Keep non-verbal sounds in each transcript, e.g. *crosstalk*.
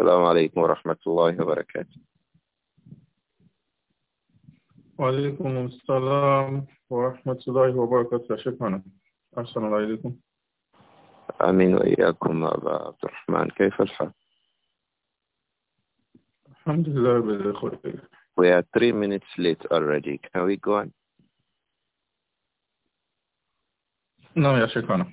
السلام عليكم ورحمة الله وبركاته وعليكم السلام ورحمة الله وبركاته شكرا أحسن الله إليكم آمين وإياكم أبا عبد الرحمن كيف الحال؟ الحمد لله بالخير We are three minutes late already. Can we go on? No, نعم يا شيخنا.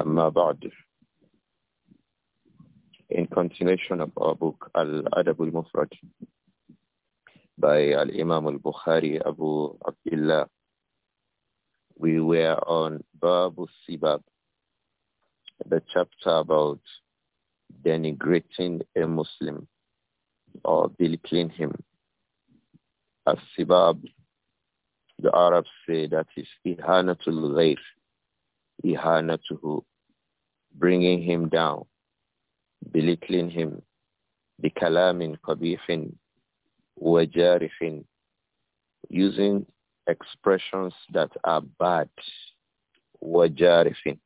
أما بعد In continuation of our book Al-Adab al-Mufrad by Al-Imam al-Bukhari Abu Abdullah we were on Babu Sibab the chapter about denigrating a Muslim or belittling him as Sibab the Arabs say that is ihanatul ghayr ihanatuhu, bringing him down, belittling him, bikalamin qabihin, wajarifin, using expressions that are bad, wajarifin,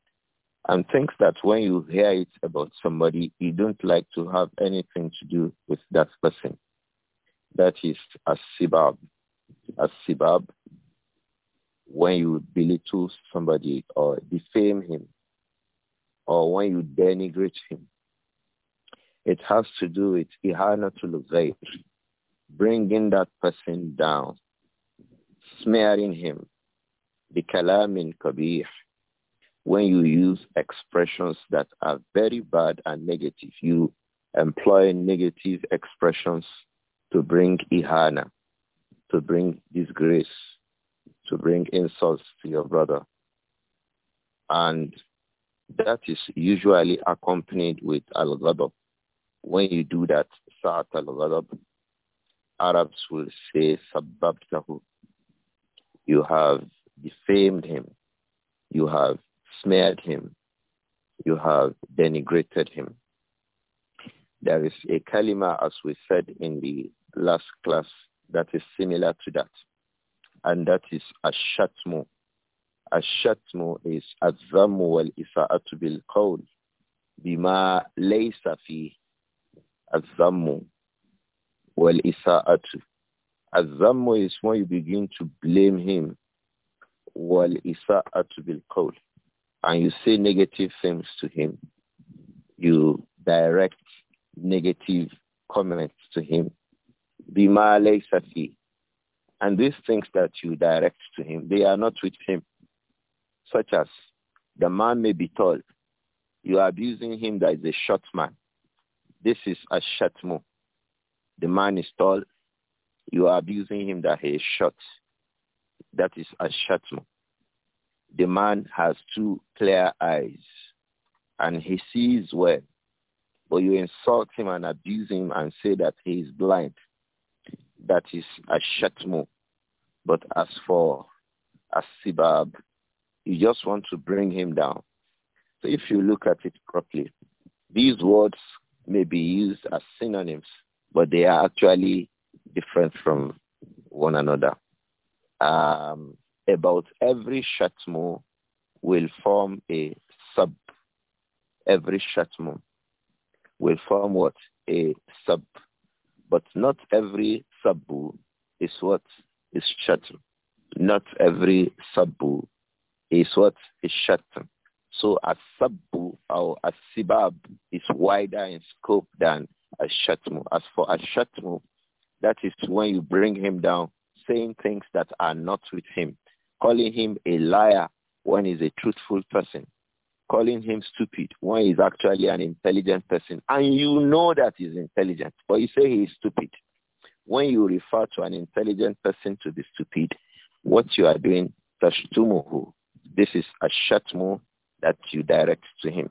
and things that when you hear it about somebody, you don't like to have anything to do with that person. thats a is a As-sibab when you belittle somebody or defame him or when you denigrate him. It has to do with ihana ghayr, bringing that person down, smearing him, bikalamin kabir, when you use expressions that are very bad and negative. You employ negative expressions to bring ihana, to bring disgrace to bring insults to your brother. And that is usually accompanied with al-ghadab. When you do that, sa'at al-ghadab, Arabs will say sababtahu. You have defamed him. You have smeared him. You have denigrated him. There is a kalima, as we said in the last class, that is similar to that and that is ashatmo. Ashatmo is azamu wal isa'atu bil qawl bima laysa fi azamu wal isa'atu. Azamu is when you begin to blame him wal isa'atu bil qawl and you say negative things to him. You direct negative comments to him. Bima laysa fi and these things that you direct to him, they are not with him. Such as the man may be tall. You are abusing him that is a short man. This is a shatmu. The man is tall. You are abusing him that he is short. That is a shatmu. The man has two clear eyes and he sees well. But you insult him and abuse him and say that he is blind that is ashatmu. But as for asibab, you just want to bring him down. So if you look at it properly, these words may be used as synonyms, but they are actually different from one another. Um, about every shatmu will form a sub. Every shatmu will form what? A sub. But not every sabu is what? Is shatr. Not every sabu is what? Is shatr. So a sabu, or a sibab is wider in scope than a shatmu. As for a shatmu, that is when you bring him down, saying things that are not with him, calling him a liar when he's a truthful person, calling him stupid when he's actually an intelligent person. And you know that he's intelligent, but you say he's stupid. When you refer to an intelligent person to be stupid, what you are doing, tashtumuhu, this is a shatmu that you direct to him.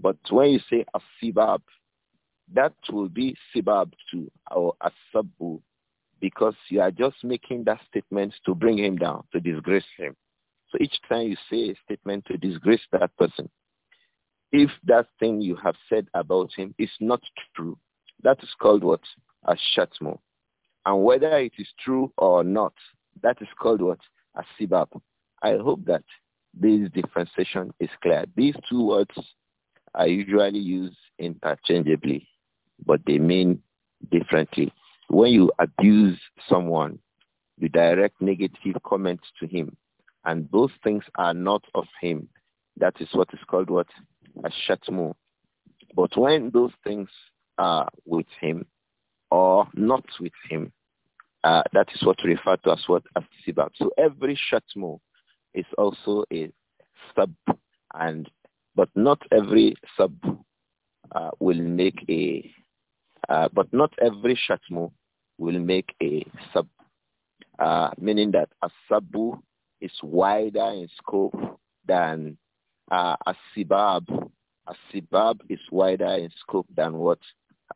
But when you say asibab, that will be sibab too, or asabu, because you are just making that statement to bring him down, to disgrace him. So each time you say a statement to disgrace that person, if that thing you have said about him is not true, that is called what? A shatmo. And whether it is true or not, that is called what? A sibab. I hope that this differentiation is clear. These two words are usually used interchangeably, but they mean differently. When you abuse someone, you direct negative comments to him and those things are not of him. That is what is called what? A shatmu. But when those things are with him or not with him, uh, that is what referred to as what? As sibab. So every shatmu is also a sub and but not every sub uh, will make a uh, but not every shatmu will make a sub uh, meaning that a sabu is wider in scope than uh, A Asibab is wider in scope than what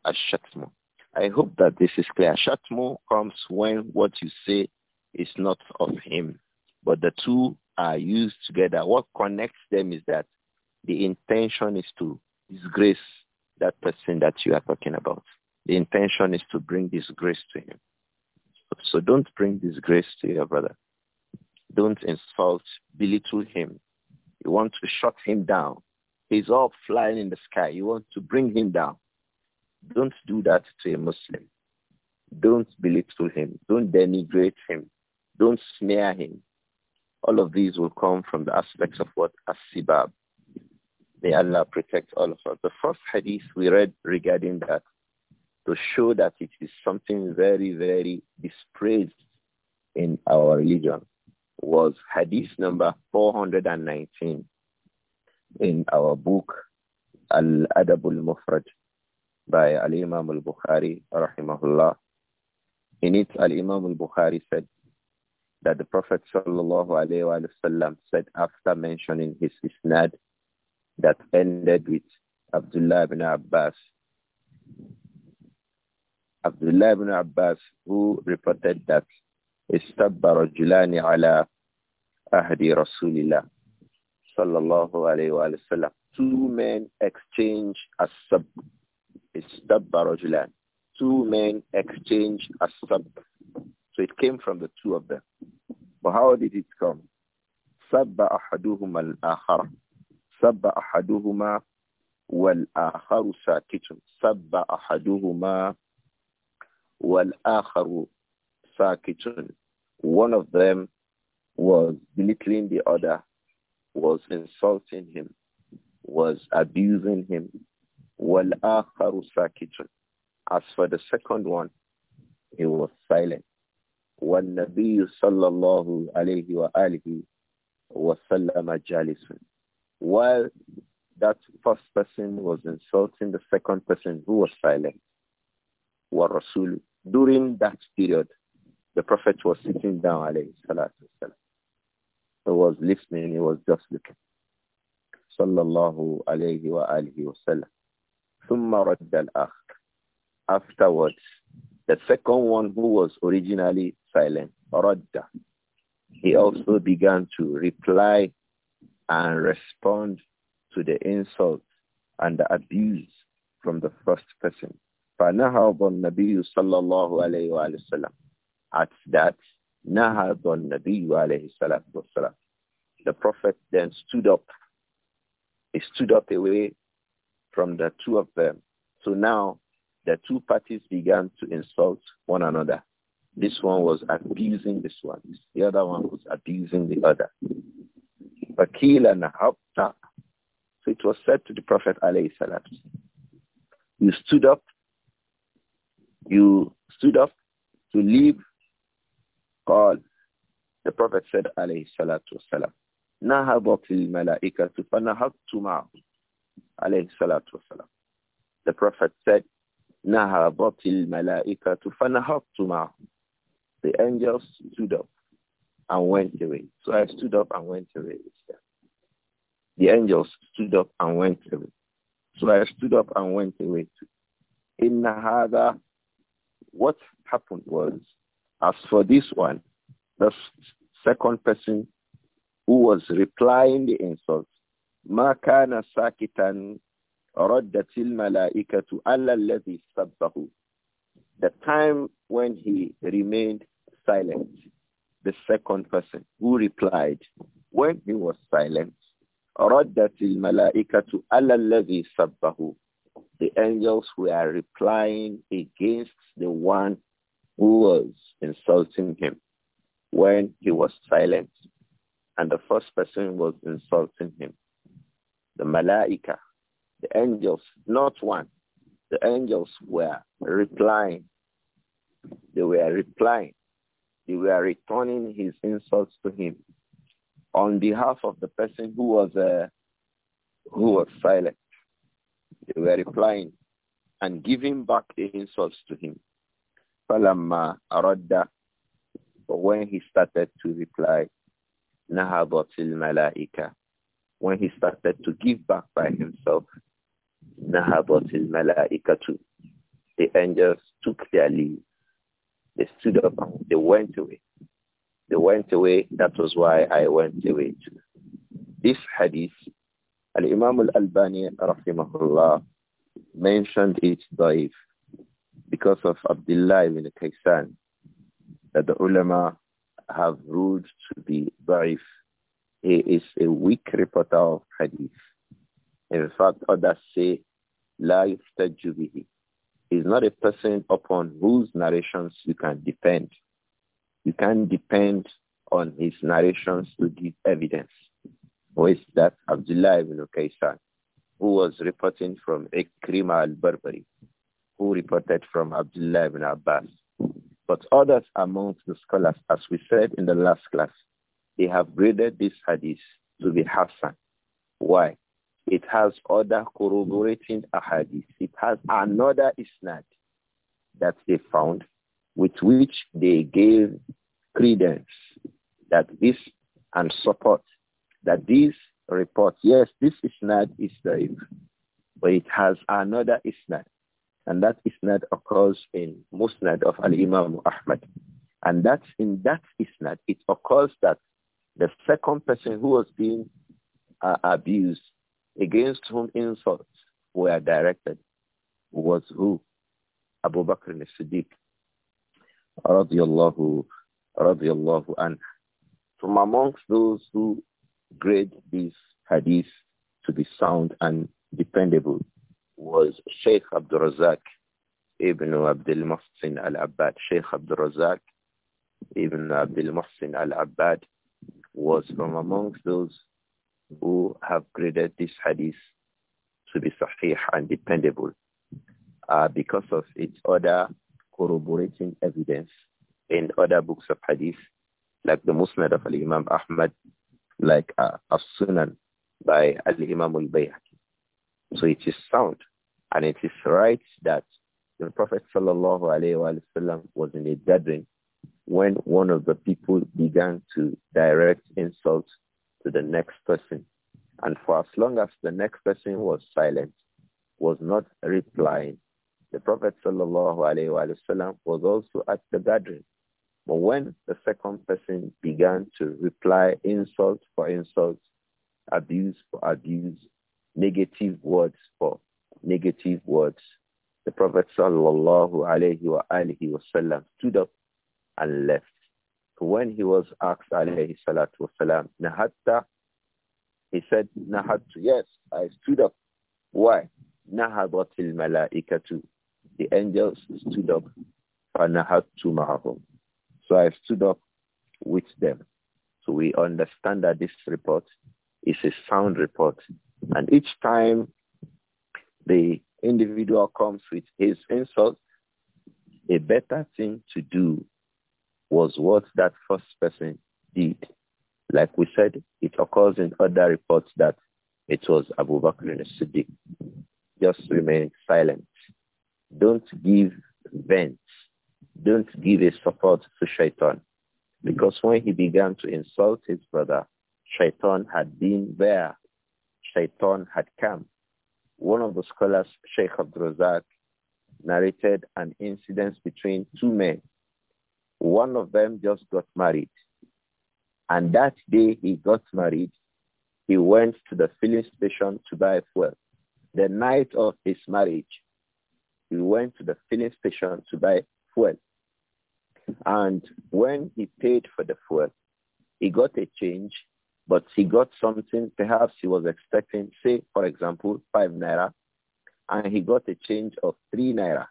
a ashatmu. I hope that this is clear. Shatmu comes when what you say is not of him, but the two are used together. What connects them is that the intention is to disgrace that person that you are talking about. The intention is to bring disgrace to him. So don't bring disgrace to your brother. Don't insult, belittle him. You want to shut him down. He's all flying in the sky. You want to bring him down. Don't do that to a Muslim. Don't belittle him. Don't denigrate him. Don't smear him. All of these will come from the aspects of what as-sibab. May Allah protect all of us. The first hadith we read regarding that to show that it is something very, very dispraised in our religion was hadith number 419 in our book Al-Adab al-Mufrad by Al-Imam al-Bukhari rahimahullah. In it, Al-Imam al-Bukhari said that the Prophet sallallahu alayhi wasallam said after mentioning his isnad that ended with Abdullah ibn Abbas. Abdullah ibn Abbas who reported that استب رجلان على أهد رسول الله صلى الله عليه وآله وسلم two men exchange السب استب رجلان two men exchange السب so it came from the two of them but how did it come سب أحدهما الآخر سب أحدهما والآخر ساكت سب أحدهما والآخر one of them was belittling the other, was insulting him, was abusing him. وَالْآخَرُ سَاكِتٌ As for the second one, he was silent. وَالنَّبِيُّ the اللَّهُ عَلَيْهِ وَآلِهِ وَسَلَّمَ جَالِسٌ While that first person was insulting the second person who was silent, During that period, the Prophet was sitting down, alayhi salatu wasalam. He was listening, he was just looking. Sallallahu alayhi wa alihi wasallam. Thumma radda al-akhir. Afterwards, the second one who was originally silent, radda, he also began to reply and respond to the insult and the abuse from the first person. فنهض النبي صلى الله عليه وَعَلِيْهِ وسلم at that, Nahadun Nabi alayhi salatu wasalam. The Prophet then stood up. He stood up away from the two of them. So now the two parties began to insult one another. This one was abusing this one. The other one was abusing the other. Bakila Nahabta. So it was said to the Prophet alayhi salatu You stood up. You stood up to leave قال The Prophet said, alayhi salatu wasalam, نهبت الملائكة فنهبت معه عليه الصلاة والسلام. The Prophet said, نهبت الملائكة فنهبت معه. The angels stood up and went away. So I stood up and went away The angels stood up and went away. So I stood up and went away too. In Nahada, what happened was as for this one, the second person who was replying the insult, ما كان ساكتا ردت الملائكة على الذي سبه. The time when he remained silent, the second person who replied, when he was silent, ردت الملائكة على الذي سبه. The angels were replying against the one who was insulting him when he was silent. And the first person was insulting him. The Malaika, the angels, not one. The angels were replying. They were replying. They were returning his insults to him on behalf of the person who was uh, who was silent. They were replying and giving back the insults to him. فَلَمَّا أَرَدَّ when he started to reply, نَهَضَتِ الْمَلَائِكَةِ When he started to give back by himself, نَهَضَتِ الْمَلَائِكَةُ The angels took their leave. They stood up and they went away. They went away. That was why I went away too. This hadith, and imam Al-Albani, rahimahullah, mentioned it daif because of Abdullah ibn Kaysan that the ulama have ruled to be barif, He is a weak reporter of hadith. In fact, others say, la the bihi. He's not a person upon whose narrations you can depend. You can depend on his narrations to give evidence. Who is that? Abdullah ibn Kaysan, who was reporting from Ikrima al-Barbari who reported from Abdullah ibn Abbas. But others amongst the scholars, as we said in the last class, they have graded this hadith to be Hassan. Why? It has other corroborating ahadith. It has another isnad that they found with which they gave credence that this and support that this report, yes, this isnad is the but it has another isnad and that isnad occurs in Musnad of Al-Imam Ahmad. And that's in that isnad, it occurs that the second person who was being uh, abused, against whom insults were directed, was who? Abu Bakr as-Siddiq, radiallahu, radiallahu and From amongst those who grade these hadiths to be sound and dependable was Sheikh Abdul Razak ibn Abdul Muhsin al-Abbad. Sheikh Abdul Razak ibn Abdul Muhsin al-Abbad was from amongst those who have graded this hadith to be sahih and dependable uh, because of its other corroborating evidence in other books of hadith like the Musnad of Al-Imam Ahmad, like uh, As-Sunan by Al-Imam Al-Bayhaqi so it is sound. And it is right that the Prophet sallallahu alaihi wasallam was in a gathering when one of the people began to direct insults to the next person. And for as long as the next person was silent, was not replying, the Prophet sallallahu alaihi wasallam was also at the gathering. But when the second person began to reply insult for insult, abuse for abuse, negative words for negative words. The Prophet sallallahu alayhi wa wasallam stood up and left. When he was asked alayhi salatu nahatta, he said, nahattu, yes, I stood up. Why? Nahadatil malaikatu. The angels stood up. Fanahattu ma'ahum. So I stood up with them. So we understand that this report is a sound report and each time the individual comes with his insult, a better thing to do was what that first person did. Like we said, it occurs in other reports that it was Abu Bakr al-Siddiq. Just remain silent. Don't give vent. Don't give a support to Shaitan. Because when he began to insult his brother, Shaitan had been there shaitan had come. One of the scholars, Sheikh Abdul narrated an incident between two men. One of them just got married. And that day he got married, he went to the filling station to buy fuel. The night of his marriage, he went to the filling station to buy fuel. And when he paid for the fuel, he got a change but he got something, perhaps he was expecting, say, for example, five naira, and he got a change of three naira.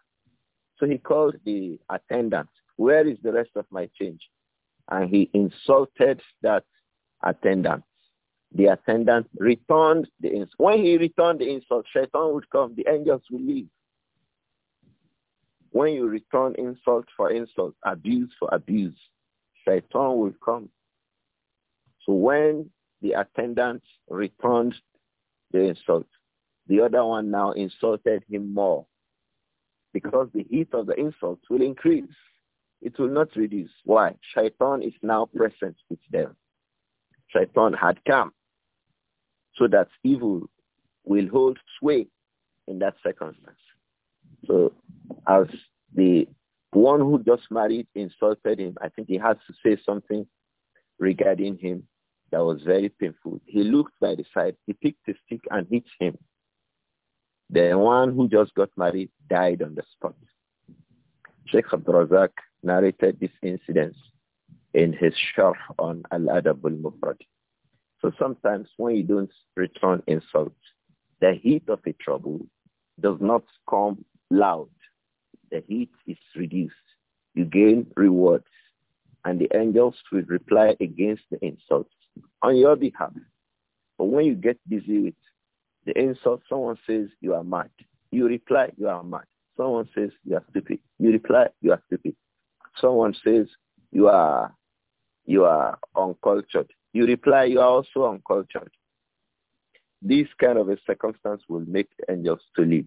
So he called the attendant, where is the rest of my change? And he insulted that attendant. The attendant returned the insult. When he returned the insult, Shaitan would come, the angels will leave. When you return insult for insult, abuse for abuse, Shaitan will come. So when the attendant returned the insult, the other one now insulted him more because the heat of the insult will increase. It will not reduce. Why? Shaitan is now present with them. Shaitan had come so that evil will hold sway in that circumstance. So as the one who just married insulted him, I think he has to say something regarding him that was very painful. He looked by the side, he picked a stick and hit him. The one who just got married died on the spot. Sheikh Abdurazak narrated this incident in his sharh on Al-Adab al-Mufrad. So sometimes when you don't return insults, the heat of a trouble does not come loud. The heat is reduced. You gain rewards and the angels will reply against the insults on your behalf. But when you get busy with the insult, someone says you are mad. You reply, you are mad. Someone says you are stupid. You reply, you are stupid. Someone says you are you are uncultured. You reply, you are also uncultured. This kind of a circumstance will make angels to leave.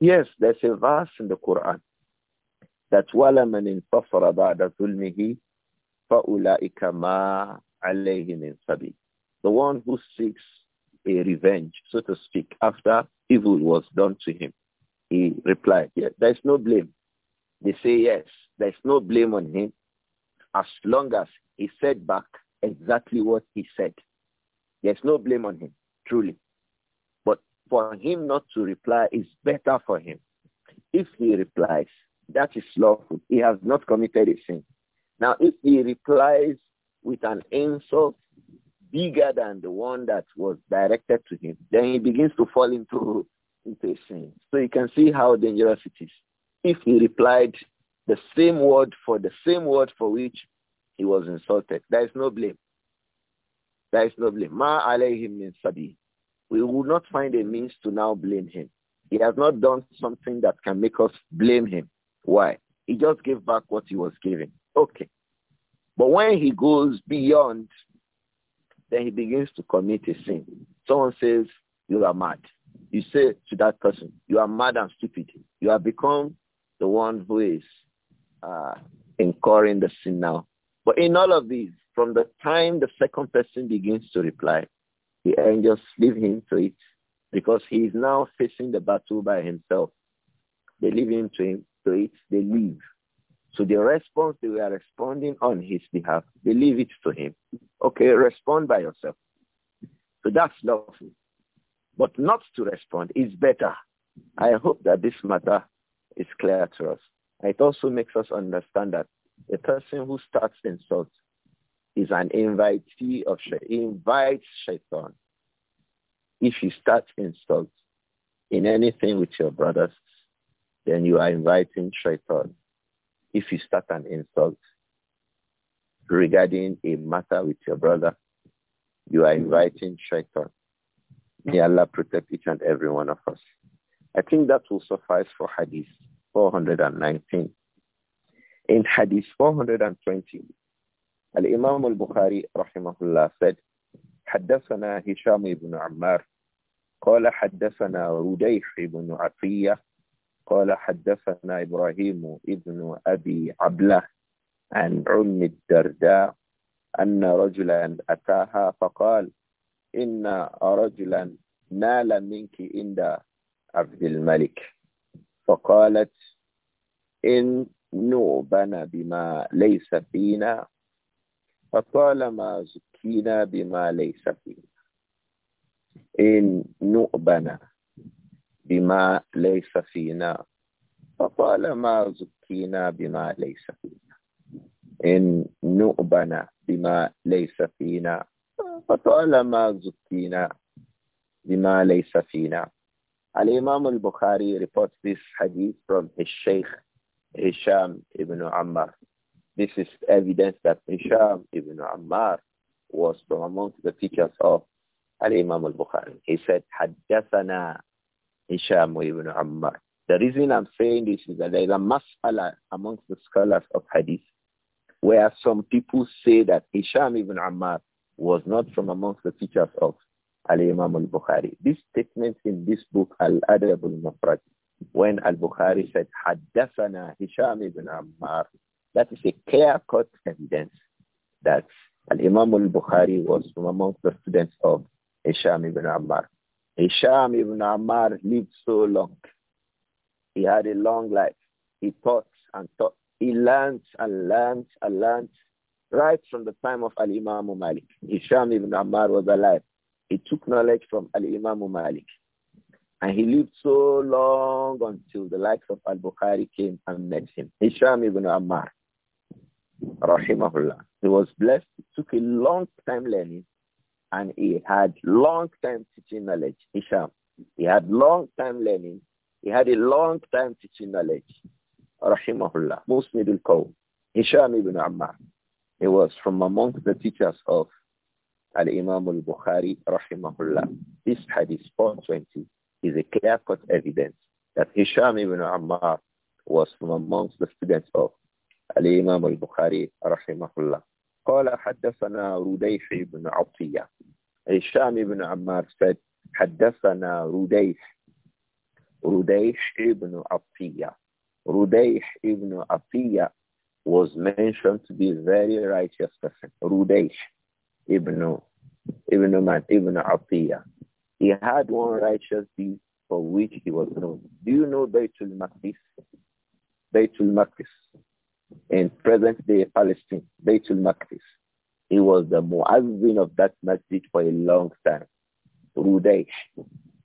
Yes, there's a verse in the Quran that wala man intafara ba'da zulmihi fa ma alayhi in sabi. The one who seeks a revenge, so to speak, after evil was done to him. He replied, yeah, there's no blame. They say, yes, there's no blame on him as long as he said back exactly what he said. There's no blame on him, truly. But for him not to reply is better for him. If he replies, that is lawful. He has not committed a sin. Now, if he replies with an insult bigger than the one that was directed to him, then he begins to fall into, into sin. So you can see how dangerous it is. If he replied the same word for the same word for which he was insulted, there is no blame. There is no blame. Ma alayhim min sabi. We will not find a means to now blame him. He has not done something that can make us blame him. Why? He just gave back what he was given. Okay, but when he goes beyond, then he begins to commit a sin. Someone says, you are mad. You say to that person, you are mad and stupid. You have become the one who is uh, incurring the sin now. But in all of these, from the time the second person begins to reply, the angels leave him to it because he is now facing the battle by himself. They leave him to, him, to it. They leave. So the response we are responding on his behalf, believe leave it to him. Okay, respond by yourself. So that's lawful. But not to respond is better. I hope that this matter is clear to us. It also makes us understand that the person who starts insults is an invitee of shaitan, invites shaitan. If you start insults in anything with your brothers, then you are inviting shaitan if you start an insult regarding a matter with your brother, you are inviting shaitan. May Allah protect each and every one of us. I think that will suffice for Hadith 419. In Hadith 420, Al-Imam al-Bukhari rahimahullah said, حدثنا هشام بن عمار قال حدثنا رديح بن عطية قال حدثنا إبراهيم ابن أبي عبله عن عم الدرداء أن رجلا أتاها فقال إن رجلا نال منك عند عبد الملك فقالت إن نوبنا بما ليس فينا فطالما زكينا بما ليس فينا إن نؤبنا بما ليس فينا فطالما زكينا بما ليس فينا إن نؤبنا بما ليس فينا فطالما زكينا بما ليس فينا الإمام البخاري reports this hadith from his sheikh Hisham ibn Ammar this is evidence that Hisham ibn Ammar was from amongst the teachers of Al-Imam al-Bukhari. He said, حدثنا Hisham ibn Ammar. The reason I'm saying this is that there is a mas'ala amongst the scholars of hadith where some people say that Hisham ibn Ammar was not from amongst the teachers of Al-Imam al-Bukhari. This statement in this book, Al-Adab al-Mufrad, when Al-Bukhari said, Haddathana Hisham ibn Ammar, that is a clear-cut evidence that Al-Imam al-Bukhari was from amongst the students of Hisham ibn Ammar. Hisham ibn Ammar lived so long. He had a long life. He taught and taught. He learned and learned and learned right from the time of Al-Imam Malik. Hisham ibn Ammar was alive. He took knowledge from Al-Imam Malik. And he lived so long until the likes of Al-Bukhari came and met him. Hisham ibn Ammar, rahimahullah. He was blessed. It took a long time learning and he had long time teaching knowledge. Hisham, he had long time learning. He had a long time teaching knowledge. Rahimahullah, Muslim al-Qawl, Hisham ibn Ammar. He was from among the teachers of Al-Imam al-Bukhari, Rahimahullah. This hadith 420 is a clear-cut evidence that Hisham ibn Ammar was from amongst the students of Al-Imam al-Bukhari, Rahimahullah. قال حدثنا رديف بن عطية هشام بن عمار said حدثنا رديف رديح ibn Atiyah. Rudaih ibn Atiyah was mentioned to be very righteous person. Rudaih ibn ibn Man, ibn عطية He had one righteous deed for which he was known. Do you know Baitul Maqdis? Baitul Maqdis in present-day Palestine, Beitul Maqdis. He was the muazzin of that masjid for a long time. Rudaish.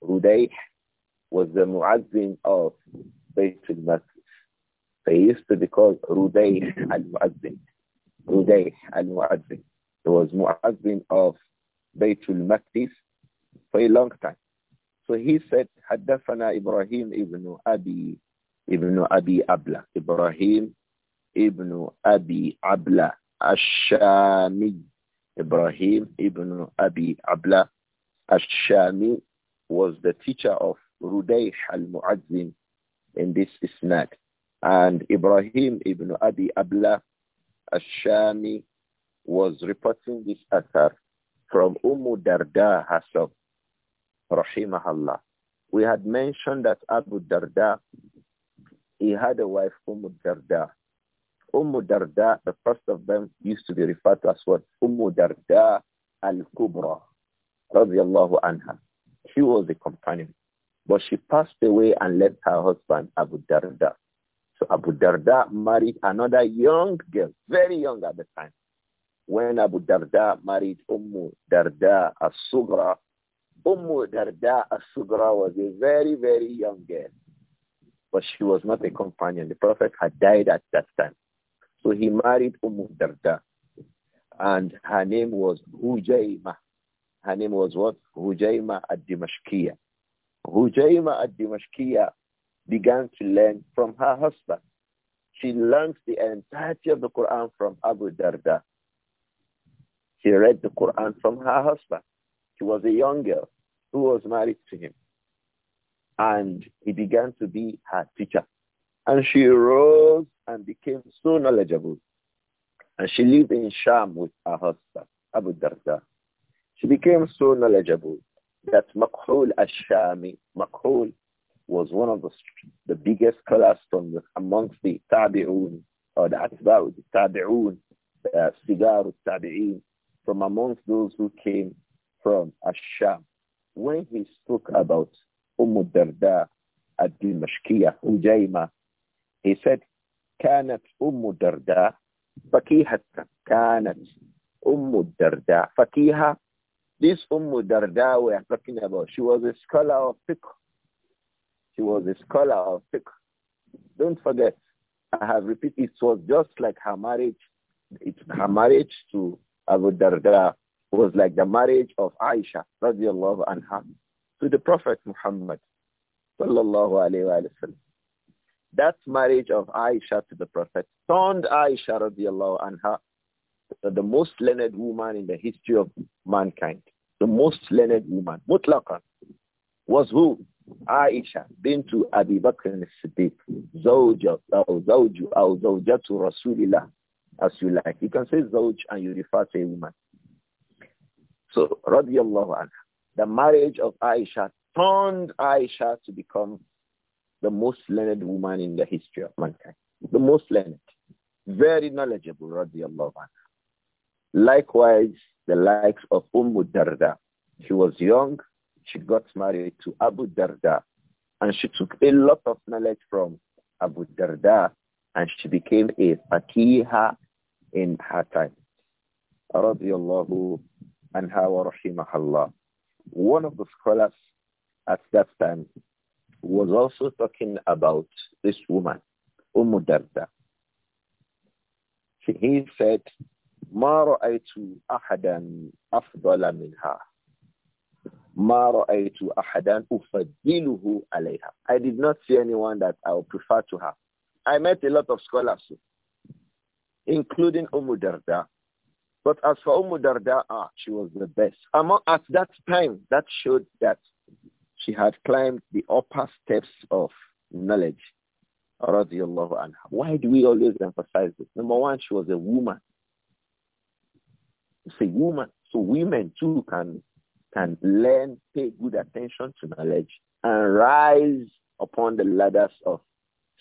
Rudaish was the muazzin of Beitul Maqdis. They used to be called Rudaish al-Muazzin. Rudaish al-Muazzin. He was muazzin of Beitul Maqdis for a long time. So he said, حدثنا إبراهيم ابن أبي ابن أبي أبلة إبراهيم ibn Abi Abla Ashami. Ibrahim ibn Abi Abla Ashami was the teacher of Rudayh al-Mu'azzin in this isnad. And Ibrahim ibn Abi Abla Ashami was reporting this athar from Umm Darda herself, rahimahullah. We had mentioned that Abu Darda, he had a wife, Umm Darda, Umm Darda, the first of them, used to be referred to as what? Umm Darda al-Kubra, radiallahu anha. She was a companion, but she passed away and left her husband, Abu Darda. So Abu Darda married another young girl, very young at the time. When Abu Darda married Umm Darda al sugra Umm Darda al sugra was a very, very young girl but she was not a companion. The Prophet had died at that time. So he married Umm Darda. And her name was Hujayma. Her name was what? Hujayma ad-Dimashqiyya. Hujayma ad-Dimashqiyya began to learn from her husband. She learned the entirety of the Quran from Abu Darda. She read the Quran from her husband. She was a young girl who was married to him. And he began to be her teacher. And she rose and became so knowledgeable. And she lived in Sham with her husband, Abu Darda. She became so knowledgeable that Makhul al-Shami, Makhul was one of the, the biggest scholars from amongst the Tabi'un, or the Atba'u, the Tabi'un, the uh, Sigar Tabi'in, from amongst those who came from Asham. When he spoke about Umm Darda, Abdul Mashkiya, Ujaima, he said, كانت أم درداء فكيهة كانت أم درداء فكيهة This Umm Darda we are talking about, she was a scholar of fiqh. She was a scholar of fiqh. Don't forget, I have repeated, it was just like her marriage. It, her marriage to Abu Darda was like the marriage of Aisha, radiallahu anha, to the Prophet Muhammad, sallallahu alayhi wa sallam. That marriage of Aisha to the Prophet turned Aisha radiallahu anha the most learned woman in the history of mankind. The most learned woman, mutlaqan, was who? Aisha bintu Abi Bakr as-Siddiq, zawju or zawjatu Rasulillah, as you like. You can say zawj and you refer to a woman. So, radiyallahu anha, the marriage of Aisha turned Aisha to become the most learned woman in the history of mankind. The most learned. Very knowledgeable, radiallahu anha. Likewise, the likes of Umm Darda. She was young. She got married to Abu Darda. And she took a lot of knowledge from Abu Darda. And she became a fatiha in her time. Radiallahu anha wa rahimahallah. One of the scholars at that time was also talking about this woman, Umm Darda. He said, ما رأيت أحدا أفضل منها. ما رأيت أحدا أفضله عليها. I did not see anyone that I would prefer to her. I met a lot of scholars, including Umudarda, Darda. But as for Umudarda, Darda, ah, she was the best. Among, at that time, that showed that she had climbed the upper steps of knowledge. Why do we always emphasize this? Number one, she was a woman. It's a woman. So women too can can learn, pay good attention to knowledge, and rise upon the ladders of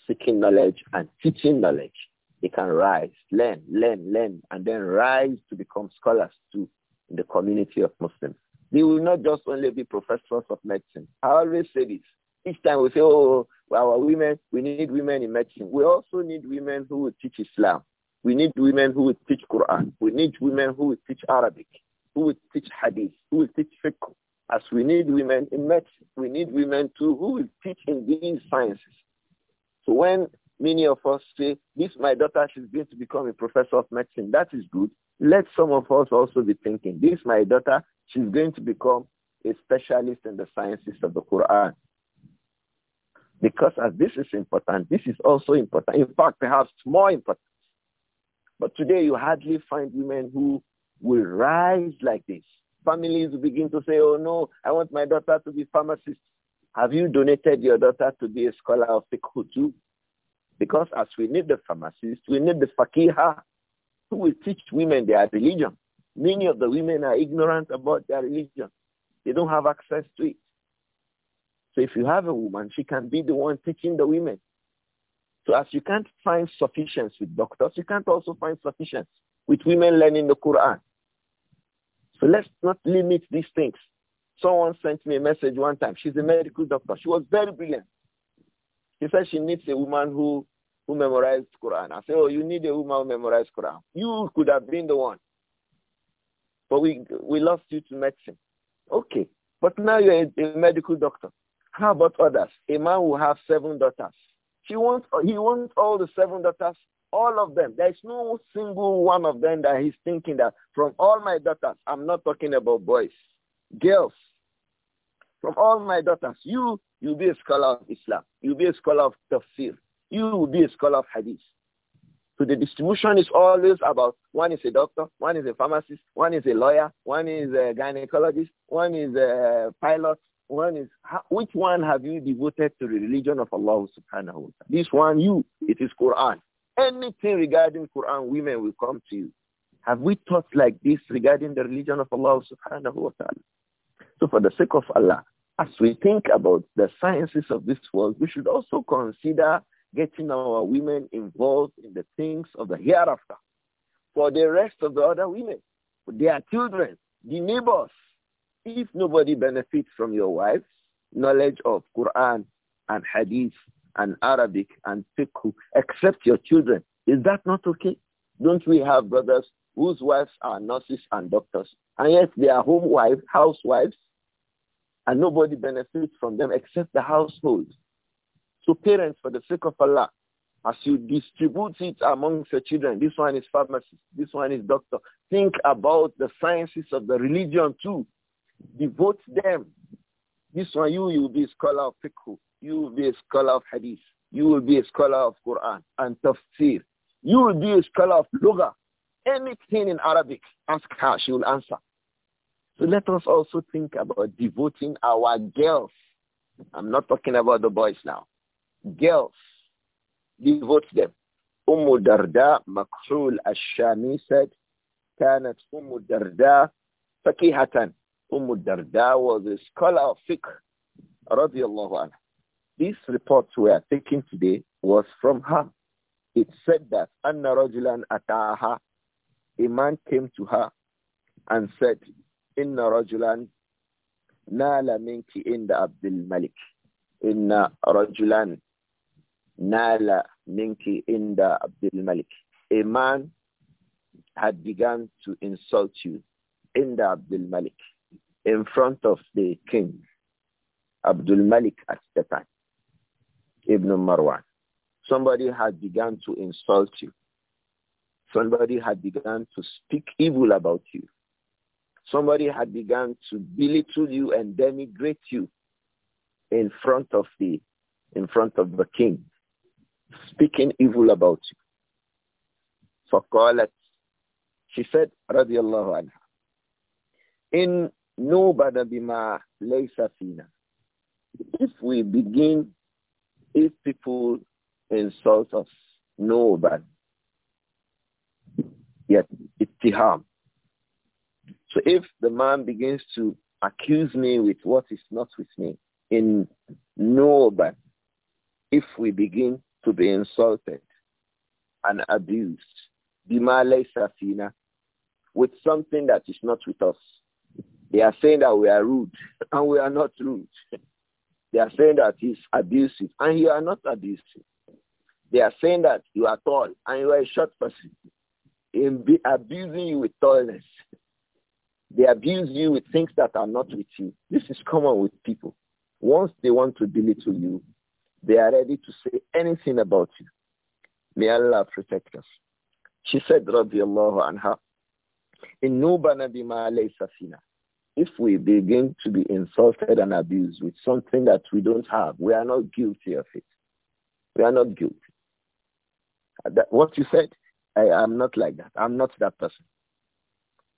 seeking knowledge and teaching knowledge. They can rise, learn, learn, learn, and then rise to become scholars too in the community of Muslims. They will not just only be professors of medicine. I always say this. Each time we say, oh, our women, we need women in medicine. We also need women who will teach Islam. We need women who will teach Quran. We need women who will teach Arabic, who will teach Hadith, who will teach fiqh. As we need women in medicine, we need women too who will teach in these sciences. So when many of us say, this my daughter, she's going to become a professor of medicine, that is good. Let some of us also be thinking, this my daughter, She's going to become a specialist in the sciences of the Quran. Because as this is important, this is also important. In fact, perhaps more important. But today you hardly find women who will rise like this. Families begin to say, oh no, I want my daughter to be pharmacist. Have you donated your daughter to be a scholar of fiqh too? Because as we need the pharmacist, we need the fakiha who will teach women their religion. Many of the women are ignorant about their religion. They don't have access to it. So if you have a woman, she can be the one teaching the women. So as you can't find sufficiency with doctors, you can't also find sufficiency with women learning the Quran. So let's not limit these things. Someone sent me a message one time. She's a medical doctor. She was very brilliant. She said she needs a woman who, who memorized Quran. I said, oh, you need a woman who memorized Quran. You could have been the one but we, we lost you to medicine. Okay, but now you're a, a medical doctor. How about others? A man will have seven daughters. wants, he wants all the seven daughters, all of them. There's no single one of them that he's thinking that from all my daughters, I'm not talking about boys, girls, from all my daughters, you, you'll be a scholar of Islam. You'll be a scholar of tafsir. You will be a scholar of hadith. So the distribution is always about one is a doctor, one is a pharmacist, one is a lawyer, one is a gynecologist, one is a pilot, one is which one have you devoted to the religion of Allah subhanahu wa ta'ala? This one you, it is Quran. Anything regarding Quran, women will come to you. Have we thought like this regarding the religion of Allah subhanahu wa ta'ala? So for the sake of Allah, as we think about the sciences of this world, we should also consider getting our women involved in the things of the hereafter. For the rest of the other women, their children, the neighbors, if nobody benefits from your wife's knowledge of Quran and Hadith and Arabic and fiqh except your children, is that not okay? Don't we have brothers whose wives are nurses and doctors, and yet they are home wives, housewives, and nobody benefits from them except the household. So parents, for the sake of Allah, as you distribute it amongst your children, this one is pharmacist, this one is doctor, think about the sciences of the religion too. Devote them. This one, you, you will be a scholar of fiqh. You will be a scholar of hadith. You will be a scholar of Quran and tafsir. You will be a scholar of lugha. Anything in Arabic, ask her, she will answer. So let us also think about devoting our girls. I'm not talking about the boys now girls devote them. Umm Darda Makhul Ashami said, "Kanat Umm Darda Fakihatan." was a scholar of fiqh. Radiallahu anha. This report we are taking today was from her. It said that Anna Rajulan Ataha, a man came to her and said, Inna Rajulan Nala Minki in the Abdul Malik. Inna Rajulan Nala Minki Inda Abdul Malik. A man had begun to insult you, Inda Abdul Malik, in front of the king, Abdul Malik at the time, Ibn Marwan. Somebody had begun to insult you. Somebody had begun to speak evil about you. Somebody had begun to belittle you and denigrate you in front of the in front of the king, speaking evil about you. فقالت she said رضي الله عنها إن نوبنا بما ليس فينا if we begin if people insult us نوبا yet اتهام so if the man begins to accuse me with what is not with me in Noban, if we begin to be insulted and abused. Bima laysa fina, with something that is not with us. They are saying that we are rude, *laughs* and we are not rude. They are saying that he's abusive, and you are not abusive. They are saying that you are tall, and you are a short person. In abusing you with tallness, they abuse you with things that are not with you. This is common with people. Once they want to belittle you, they are ready to say anything about you. May Allah protect us. She said, radiallahu anha, Innubana bima safina. If we begin to be insulted and abused with something that we don't have, we are not guilty of it. We are not guilty. That, what you said, I am not like that. I'm not that person.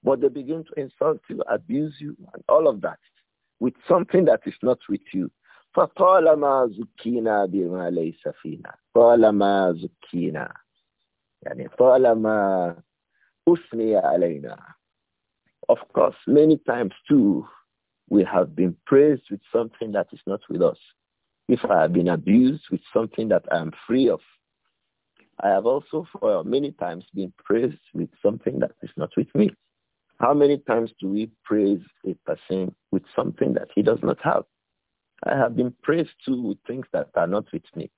But they begin to insult you, abuse you, and all of that with something that is not with you. فطالما زكينا بما ليس فينا طالما زكينا يعني طالما أثني علينا Of course, many times too, we have been praised with something that is not with us. If I have been abused with something that I am free of, I have also for many times been praised with something that is not with me. How many times do we praise a person with something that he does not have? I have been praised too with things that are not with me.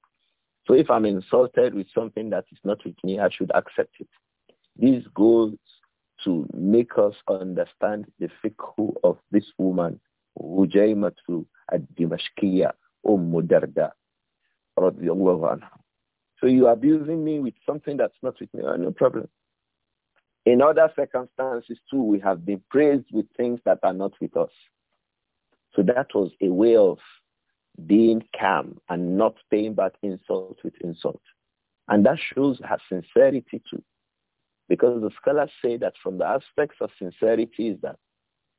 So if I'm insulted with something that is not with me, I should accept it. This goes to make us understand the fiqh of this woman, Hujaymatu ad-Dimashqiyya, Umm Darda, radiallahu anha. So you are abusing me with something that's not with me, oh, no problem. In other circumstances too, we have been praised with things that are not with us. So that was a way of being calm and not paying back insult with insult. And that shows her sincerity too. Because the scholars say that from the aspects of sincerity is that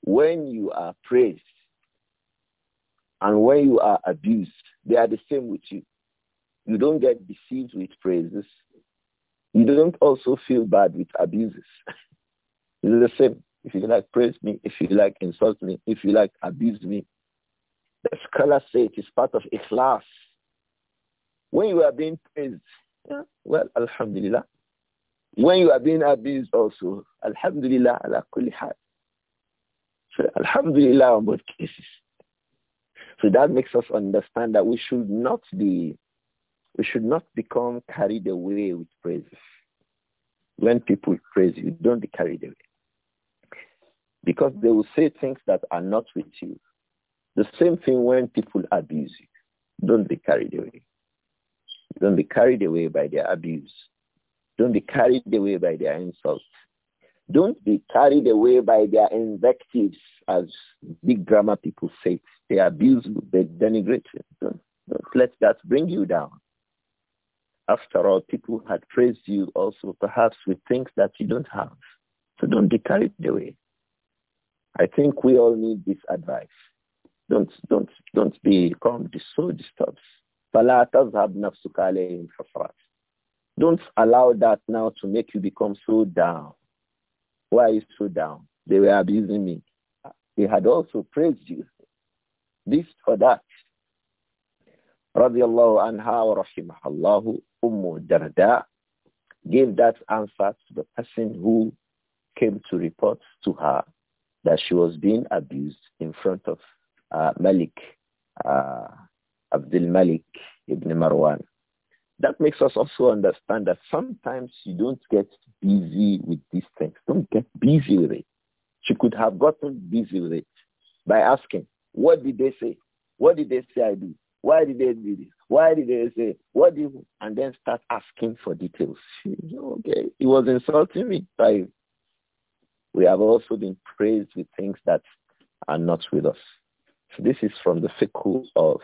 when you are praised and when you are abused, they are the same with you. You don't get deceived with praises. You don't also feel bad with abuses. *laughs* it's the same. If you like, praise me. If you like, insult me. If you like, abuse me. The scholars say it is part of ikhlas. When you are being praised, yeah, well, alhamdulillah. When you are being abused also, alhamdulillah ala kulli hal. So alhamdulillah on both cases. So that makes us understand that we should not be, we should not become carried away with praises. When people praise you, don't be carried away because they will say things that are not with you. The same thing when people abuse you. Don't be carried away. Don't be carried away by their abuse. Don't be carried away by their insults. Don't be carried away by their invectives, as big grammar people say. They abuse, they denigrate. Don't, don't let that bring you down. After all, people had praised you also perhaps with things that you don't have. So don't be carried away. I think we all need this advice. Don't, don't, don't become so disturbed. Don't allow that now to make you become so down. Why are you so down? They were abusing me. They had also praised you. This or that. Radiallahu anha wa rahimahallahu Ummu Darda gave that answer to the person who came to report to her that she was being abused in front of uh, Malik, uh, Abdul Malik ibn Marwan. That makes us also understand that sometimes you don't get busy with these things. Don't get busy with it. She could have gotten busy with it by asking, what did they say? What did they say I do? Why did they do this? Why did they say? What did? You? And then start asking for details. okay, he was insulting me. by we have also been praised with things that are not with us. So this is from the fiqh of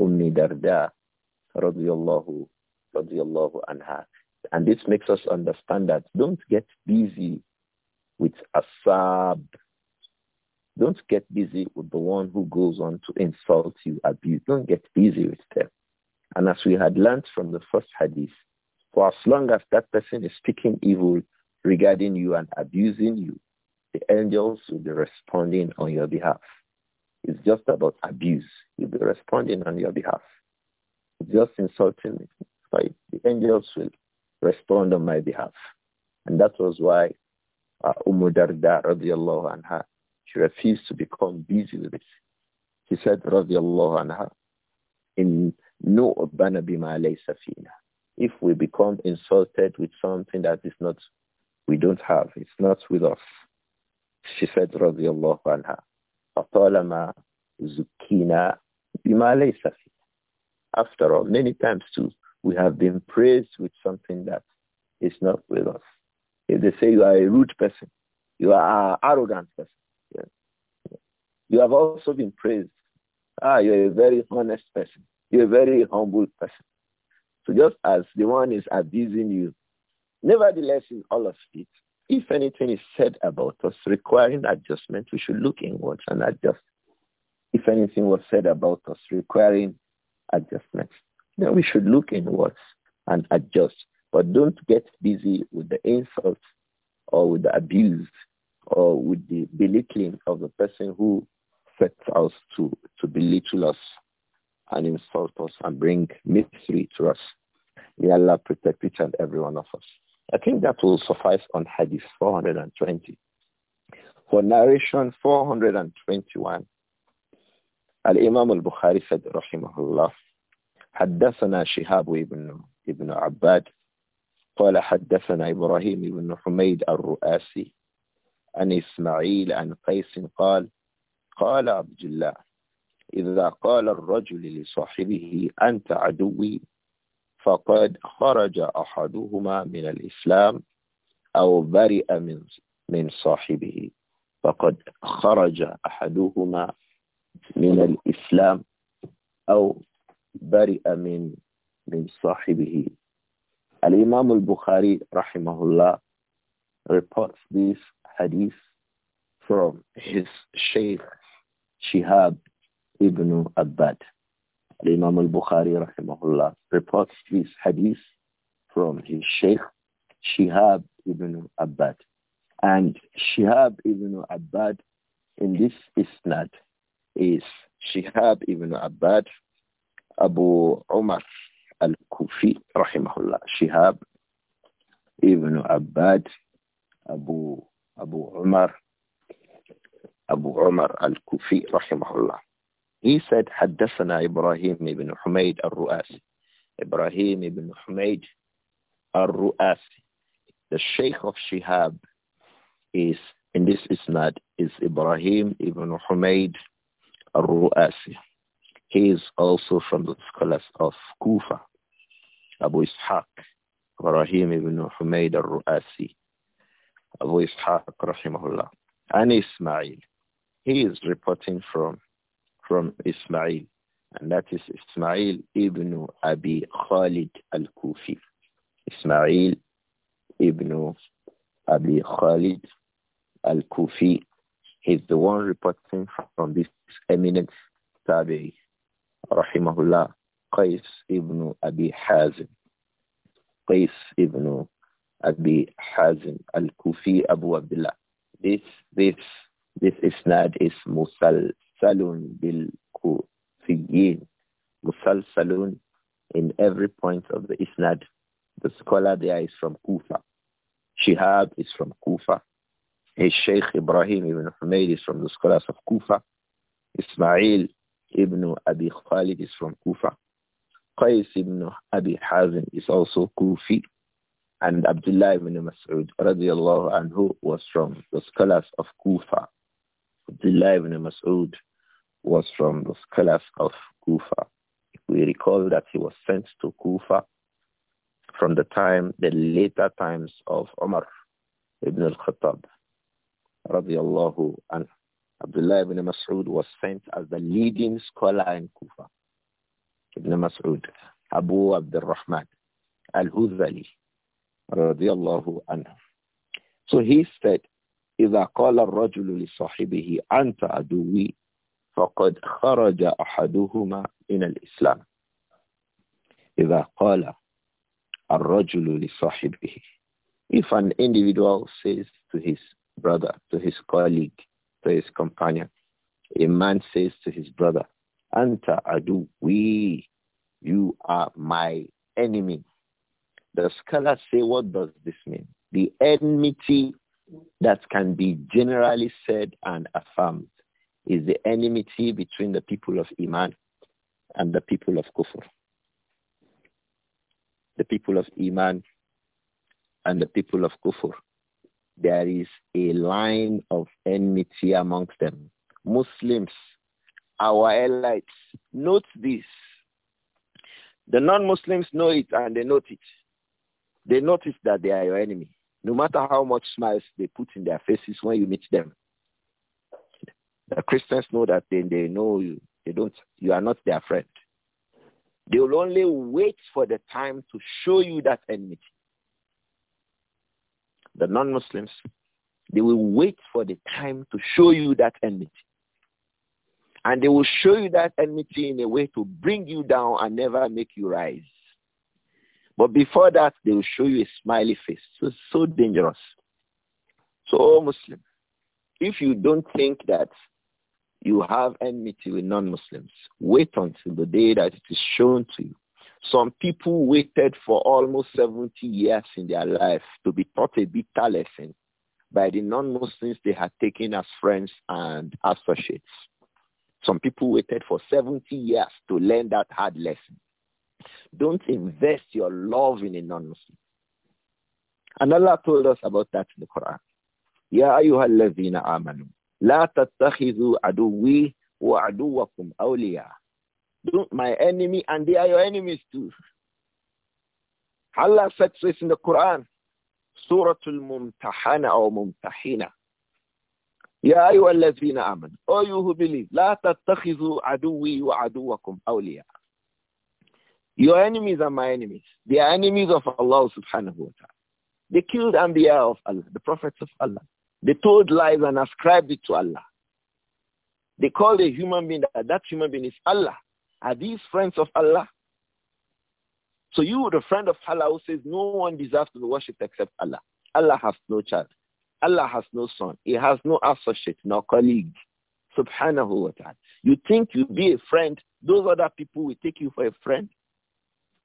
Ummi Darda radiallahu, radiallahu anha. And this makes us understand that don't get busy with asab. Don't get busy with the one who goes on to insult you, abuse. Don't get busy with them. And as we had learned from the first hadith, for as long as that person is speaking evil regarding you and abusing you, the angels will be responding on your behalf. It's just about abuse. You'll be responding on your behalf. It's just insulting me. the angels will respond on my behalf. And that was why uh, Umm Darda radiallahu anha, she refused to become busy with it. She said radiallahu anha, in nu'bana bima If we become insulted with something that is not we don't have. It's not with us. She said, radiallahu anha, فَطَالَمَا زُكِّينَا بِمَا لَيْسَ After all, many times too, we have been praised with something that is not with us. If they say you are a rude person, you are an arrogant person, yes. you have also been praised. Ah, you're a very honest person. You're a very humble person. So just as the one is abusing you, Nevertheless, in all of it, if anything is said about us requiring adjustment, we should look inwards and adjust. If anything was said about us requiring adjustment, then we should look inwards and adjust. But don't get busy with the insults or with the abuse or with the belittling of the person who sets us to, to belittle us and insult us and bring misery to us. May Allah protect each and every one of us. I think that will suffice on Hadith 420. For narration 421, Al-Imam al-Bukhari said, Rahimahullah, حدثنا شهاب بن ابن عباد قال حدثنا إبراهيم بن حميد الرؤاسي عن إسماعيل عن قيس قال قال عبد الله إذا قال الرجل لصاحبه أنت عدوي فقد خرج أحدهما من الإسلام أو برئ من من صاحبه فقد خرج أحدهما من الإسلام أو برئ من من صاحبه الإمام البخاري رحمه الله reports this hadith from his Shaykh Shihab ibn Abbad Imam al-Bukhari rahimahullah reports this hadith from his sheikh Shihab ibn Abbad. And Shihab ibn Abbad in this isnad is Shihab ibn Abbad Abu Umar al-Kufi rahimahullah. Shihab ibn Abbad Abu Abu Umar Abu Umar al-Kufi rahimahullah. He said, حدثنا إبراهيم ibn حميد الرؤاسي. Ibrahim ibn Humayd al-Ru'asi. The Sheikh of Shihab is, in this isnad, is Ibrahim ibn Humayd al-Ru'asi. He is also from the scholars of Kufa, Abu Ishaq, Ibrahim ibn Humayd al-Ru'asi, Abu Ishaq, rahimahullah, and Ismail. He is reporting from from Ismail, and that is Ismail ibn Abi Khalid al-Kufi. Ismail ibn Abi Khalid al-Kufi. is the one reporting from this eminent tabi'i, rahimahullah, Qais ibn Abi Hazim. Qais ibn Abi Hazim al-Kufi Abu Abdullah. This, this, this isnad is musal musalsalun bil kufiyin. Musalsalun in every point of the isnad. The scholar there is from Kufa. Shihab is from Kufa. His Sheikh Ibrahim ibn Humayd is from the scholars of Kufa. Ismail ibn Abi Khalid is from Kufa. Qais ibn Abi Hazim is also Kufi. And Abdullah ibn Mas'ud radiallahu anhu was from the scholars of Kufa. Abdullah ibn Mas'ud was from the scholars of Kufa. We recall that he was sent to Kufa from the time, the later times of Umar ibn al-Khattab, radiallahu anhu. Abdullah ibn Mas'ud was sent as the leading scholar in Kufa. Ibn Mas'ud, Abu Abdurrahman al-Hudhali, radiallahu anhu. So he said, إذا قال الرجل لصاحبه أنت عدوي فقد خرج أحدهما من الإسلام إذا قال الرجل لصاحبه If an individual says to his brother, to his colleague, to his companion, a man says to his brother, Anta adu, we, you are my enemy. The scholars say, what does this mean? The enmity that can be generally said and affirmed is the enmity between the people of Iman and the people of Kufr. The people of Iman and the people of Kufr. There is a line of enmity amongst them. Muslims, our allies, note this. The non-Muslims know it and they note it. They notice that they are your enemy. No matter how much smiles they put in their faces when you meet them. The Christians know that they, they know you. They don't, you are not their friend. They will only wait for the time to show you that enmity. The non-Muslims, they will wait for the time to show you that enmity. And they will show you that enmity in a way to bring you down and never make you rise. But before that, they will show you a smiley face. So, so dangerous. So, oh, Muslim, if you don't think that you have enmity with non-Muslims, wait until the day that it is shown to you. Some people waited for almost 70 years in their life to be taught a bitter lesson by the non-Muslims they had taken as friends and associates. Some people waited for 70 years to learn that hard lesson. Don't invest your love in a non-Muslim. And Allah told us about that in the Quran. يا أيها الذين آمنوا لا تتخذوا عدوي وعدوكم أولياء. Don't my enemy and they are your enemies too. Allah said this in the Quran. Surah Al-Mumtahana or Mumtahina. يا أيها الذين آمنوا. Oh you who believe. لا تتخذوا عدوي وعدوكم أولياء. Your enemies are my enemies. They are enemies of Allah subhanahu wa ta'ala. They killed Anbiya of Allah, the prophets of Allah. They told lies and ascribed it to Allah. They called a human being that that human being is Allah. Are these friends of Allah? So you, the friend of Allah who says no one deserves to be worshipped except Allah. Allah has no child. Allah has no son. He has no associate, no colleague. Subhanahu wa ta'ala. You think you be a friend, those other people will take you for a friend?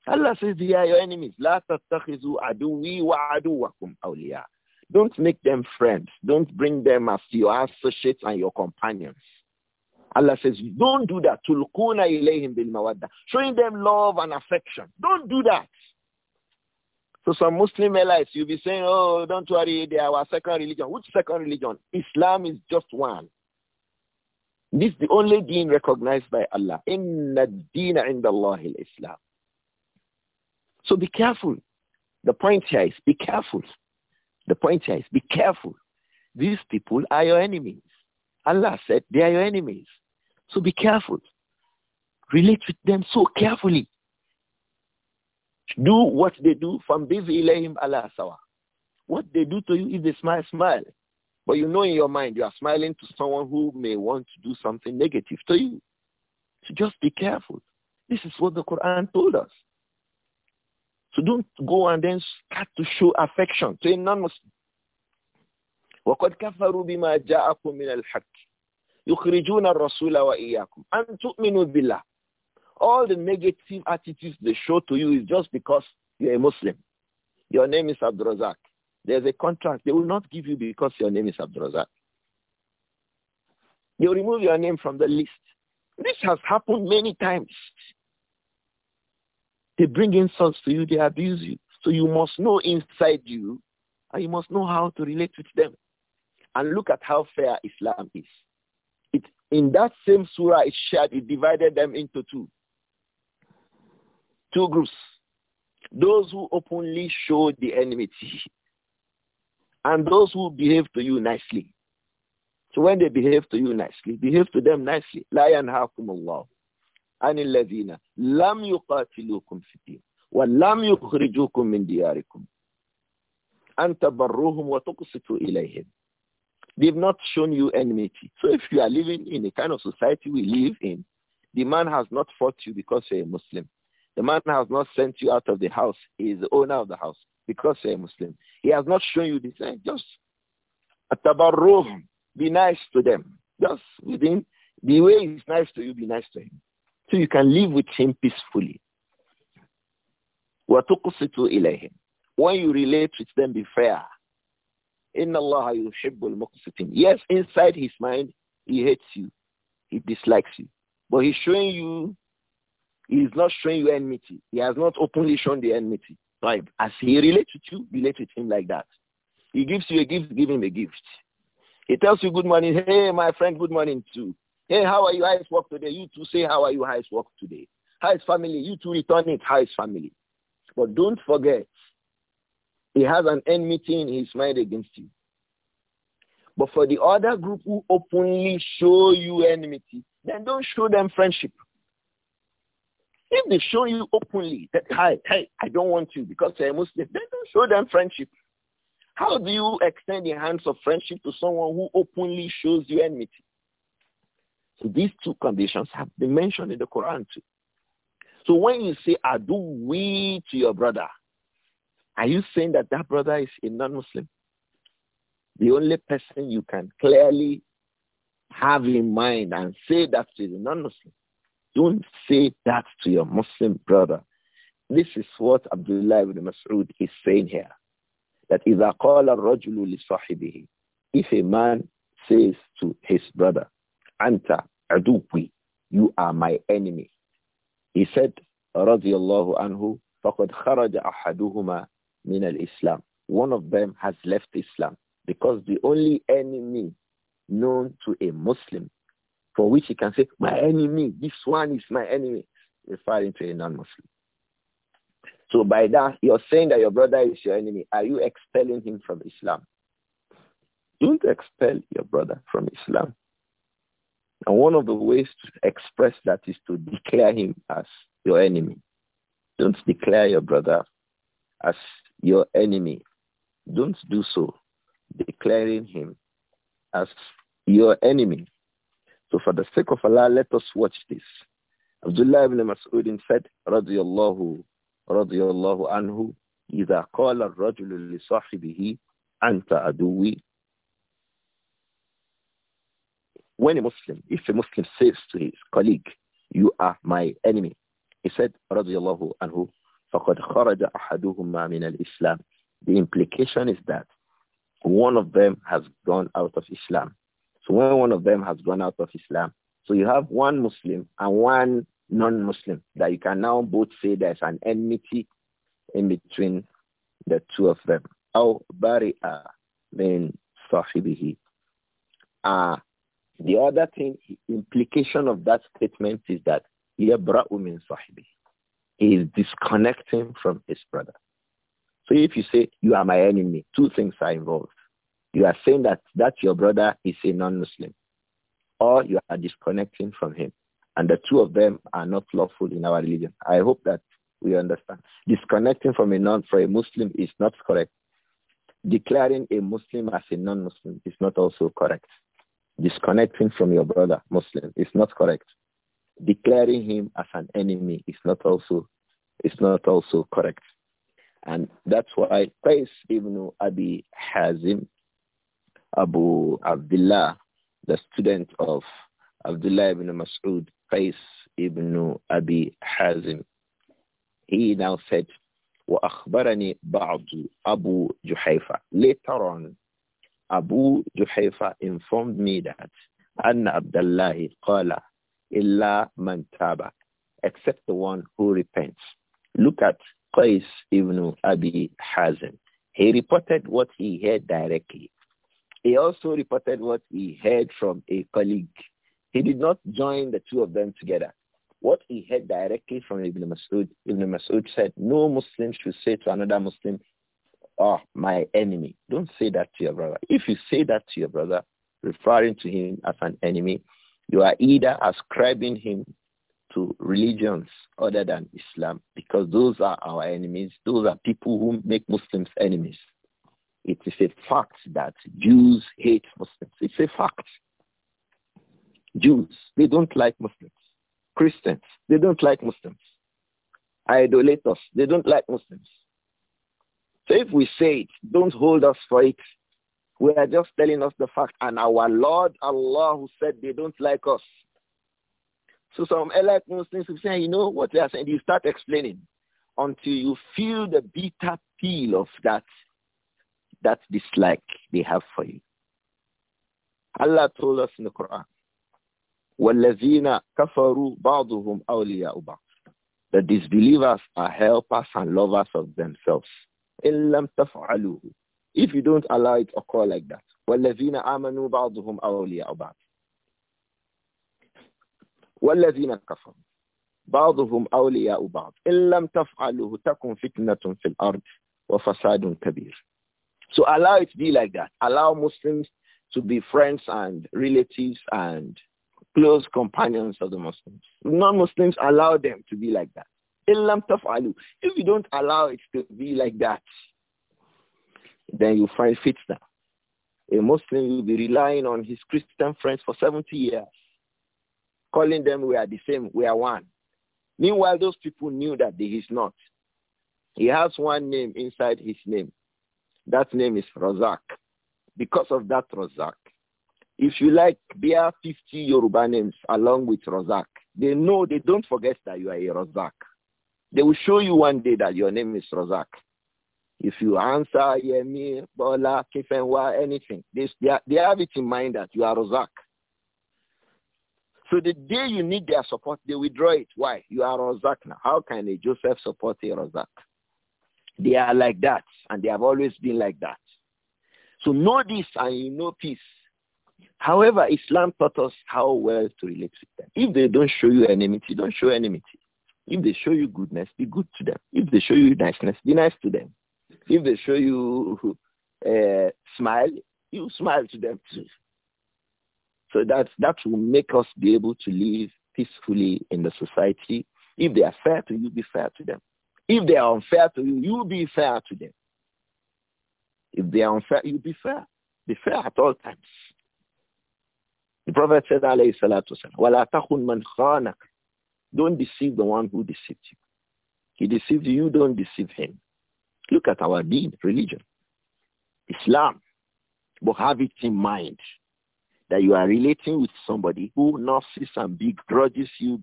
Allah says, they are your enemies. لا تتخذوا عدوي وعدوكم أولياء. Don't make them friends. Don't bring them as your associates and your companions. Allah says, don't do that. Tulkuna ilayhim bil mawadda. Showing them love and affection. Don't do that. So some Muslim allies, you'll be saying, oh, don't worry, they are our second religion. Which second religion? Islam is just one. This is the only deen recognized by Allah. Inna الدين عند الله Islam. So be careful. The point here is be careful. The point here is be careful. These people are your enemies. Allah said they are your enemies. So be careful. Relate with them so carefully. Do what they do from this ilayhim Allah sawa. What they do to you is they smile, smile. But you know in your mind you are smiling to someone who may want to do something negative to you. So just be careful. This is what the Quran told us. So don't go and then start to show affection to a non-Muslim. وقد كفروا بما جاءكم من الحق يخرجون الرسول وإياكم أن تؤمنوا بالله All the negative attitudes they show to you is just because you're a Muslim. Your name is Abdurazak. There's a contract they will not give you because your name is Abdurazak. They remove your name from the list. This has happened many times. They bring insults to you. They abuse you. So you must know inside you and you must know how to relate with them. And look at how fair Islam is. It, in that same surah, it shared, it divided them into two. Two groups. Those who openly show the enmity and those who behave to you nicely. So when they behave to you nicely, behave to them nicely. La yanhaakum Allah. عن الذين لم يقاتلوكم في الدين ولم يخرجوكم من دياركم أن تبروهم وتقسطوا إليهم They've not shown you enmity. So if you are living in the kind of society we live in, the man has not fought you because you're a Muslim. The man has not sent you out of the house. He is the owner of the house because you're a Muslim. He has not shown you this. Just atabarruhum. Be nice to them. Just within the way he's nice to you, be nice to him. So you can live with him peacefully. When you relate with them, be fair. إِنَّ اللَّهَ يُحِبُّ الْمُقْسِتِينَ Yes, inside his mind, he hates you. He dislikes you. But he's showing you, he is not showing you enmity. He has not openly shown the enmity. Right? As he relates with you, relate with him like that. He gives you a gift, give him a gift. He tells you good morning. Hey, my friend, good morning too. Hey, how are you? How is work today? You too say, how are you? How is work today? How is family? You too return it. How is family? But don't forget, he has an enmity in his mind against you. But for the other group who openly show you enmity, then don't show them friendship. If they show you openly that, hi, hey, I don't want you because you're a Muslim, then don't show them friendship. How do you extend the hands of friendship to someone who openly shows you enmity? So these two conditions have been mentioned in the Quran too. So when you say, I do we to your brother, are you saying that that brother is a non-Muslim? The only person you can clearly have in mind and say that to the non-Muslim. Don't say that to your Muslim brother. This is what Abdullah ibn Mas'ud is saying here. That إِذَا قَالَ الرَّجُلُ لِصَاحِبِهِ If a man says to his brother, Anta Adukwi, you are my enemy. He said, radiallahu anhu, فَقَدْ خَرَجَ أَحَدُهُمَا مِنَ الْإِسْلَامِ One of them has left Islam because the only enemy known to a Muslim for which he can say, my enemy, this one is my enemy, referring to a non-Muslim. So by that, you're saying that your brother is your enemy. Are you expelling him from Islam? Don't expel your brother from Islam. And one of the ways to express that is to declare him as your enemy. Don't declare your brother as your enemy. Don't do so, declaring him as your enemy. So for the sake of Allah, let us watch this. Abdullah ibn Mas'ud said, radiyallahu, radiyallahu anhu, إذا قال الرجل لصاحبه أنت عدوي When a Muslim, if a Muslim says to his colleague, you are my enemy, he said, radiallahu anhu, فَقَدْ خَرَجَ أَحَدُهُمَا مِنَ الْإِسْلَامِ The implication is that one of them has gone out of Islam. So when one of them has gone out of Islam, so you have one Muslim and one non-Muslim that you can now both say there's an enmity in between the two of them. أو بارئ من صاحبه. Uh, the other thing, implication of that statement is that يَبْرَأُ مِنْ صَحِبِهِ He is disconnecting from his brother. So if you say, you are my enemy, two things are involved. You are saying that that your brother is a non-Muslim, or you are disconnecting from him. And the two of them are not lawful in our religion. I hope that we understand. Disconnecting from a non a Muslim is not correct. Declaring a Muslim as a non-Muslim is not also correct disconnecting from your brother Muslim is not correct. Declaring him as an enemy is not also is not also correct. And that's why Qais ibn Abi Hazim, Abu Abdullah, the student of Abdullah ibn Mas'ud, Qais ibn Abi Hazim, he now said, وأخبرني بعض أبو جحيفة. Later on, Abu Juhayfa informed me that Anna Abdullah qala illa man taba, except the one who repents. Look at Qais ibn Abi Hazm. He reported what he heard directly. He also reported what he heard from a colleague. He did not join the two of them together. What he heard directly from Ibn Masud, Ibn Masud said, no Muslim should say to another Muslim, oh, my enemy. Don't say that to your brother. If you say that to your brother, referring to him as an enemy, you are either ascribing him to religions other than Islam, because those are our enemies. Those are people who make Muslims enemies. It is a fact that Jews hate Muslims. It's a fact. Jews, they don't like Muslims. Christians, they don't like Muslims. Idolaters, they don't like Muslims. So if we say it, don't hold us for it. We are just telling us the fact. And our Lord Allah who said they don't like us. So some elect Muslims will say, you know what they are saying. You start explaining until you feel the bitter peel of that, that dislike they have for you. Allah told us in the Quran, وَالَّذِينَ كَفَرُوا بَعْضُهُمْ أَوْلِيَاءُ بَعْضٍ The disbelievers are helpers and lovers of themselves. إِلَّمْ تَفْعَلُوهُ If you don't allow it occur like that. وَالَّذِينَ آمَنُوا بَعْضُهُمْ أَوْلِيَاءُ بَعْضٍ وَالَّذِينَ كَفَرُوا بعضهم أولياء بعض إن لم تفعله تكن فتنة في الأرض وفساد كبير So allow it to be like that. Allow Muslims to be friends and relatives and close companions of the Muslims. Non-Muslims allow them to be like that. If you don't allow it to be like that, then you find fitna. A Muslim will be relying on his Christian friends for 70 years, calling them we are the same, we are one. Meanwhile, those people knew that he is not. He has one name inside his name. That name is Razak. Because of that Razak, if you like, bear 50 Yoruba names along with Razak. They know, they don't forget that you are a Razak. They will show you one day that your name is Razak. If you answer Yemi, Bola, Kifenwa, anything, they, they have it in mind that you are Razak. So the day you need their support, they withdraw it. Why? You are Razak now. How can a Joseph support a Razak? They are like that, and they have always been like that. So know this and you know peace. However, Islam taught us how well to relate with them. If they don't show you enmity, don't show enmity. If they show you goodness, be good to them. If they show you niceness, be nice to them. If they show you uh, *laughs* smile, you smile to them too. So that, that will make us be able to live peacefully in the society. If they are fair to you, be fair to them. If they are unfair to you, you be fair to them. If they are unfair, you be fair. Be fair at all times. The Prophet said, alayhi salatu wasalam, وَلَا تَخُنْ مَنْ خَانَكَ don't deceive the one who deceived you. He deceived you, don't deceive him. Look at our deen, religion, Islam. But have it in mind that you are relating with somebody who nurses and begrudges you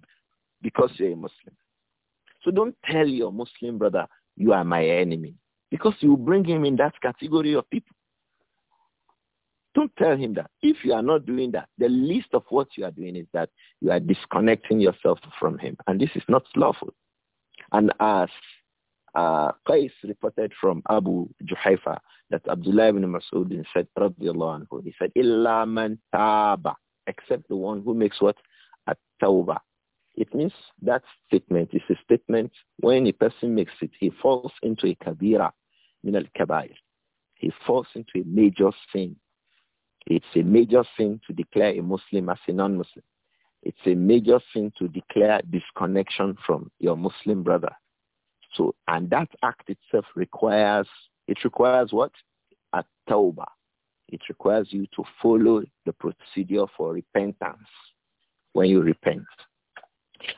because you're a Muslim. So don't tell your Muslim brother, you are my enemy, because you bring him in that category of people. Don't tell him that. If you are not doing that, the least of what you are doing is that you are disconnecting yourself from him. And this is not lawful. And as uh, Qais reported from Abu Juhaifa that Abdullah ibn Mas'ud said, anhu, he said, Illa man taba, except the one who makes what? At-tawbah. It means that statement is a statement when a person makes it, he falls into a kabira, min al-kabair. He falls into a major sin it's a major sin to declare a Muslim as a non-Muslim. It's a major sin to declare disconnection from your Muslim brother. So, and that act itself requires, it requires what? A tawbah. It requires you to follow the procedure for repentance when you repent.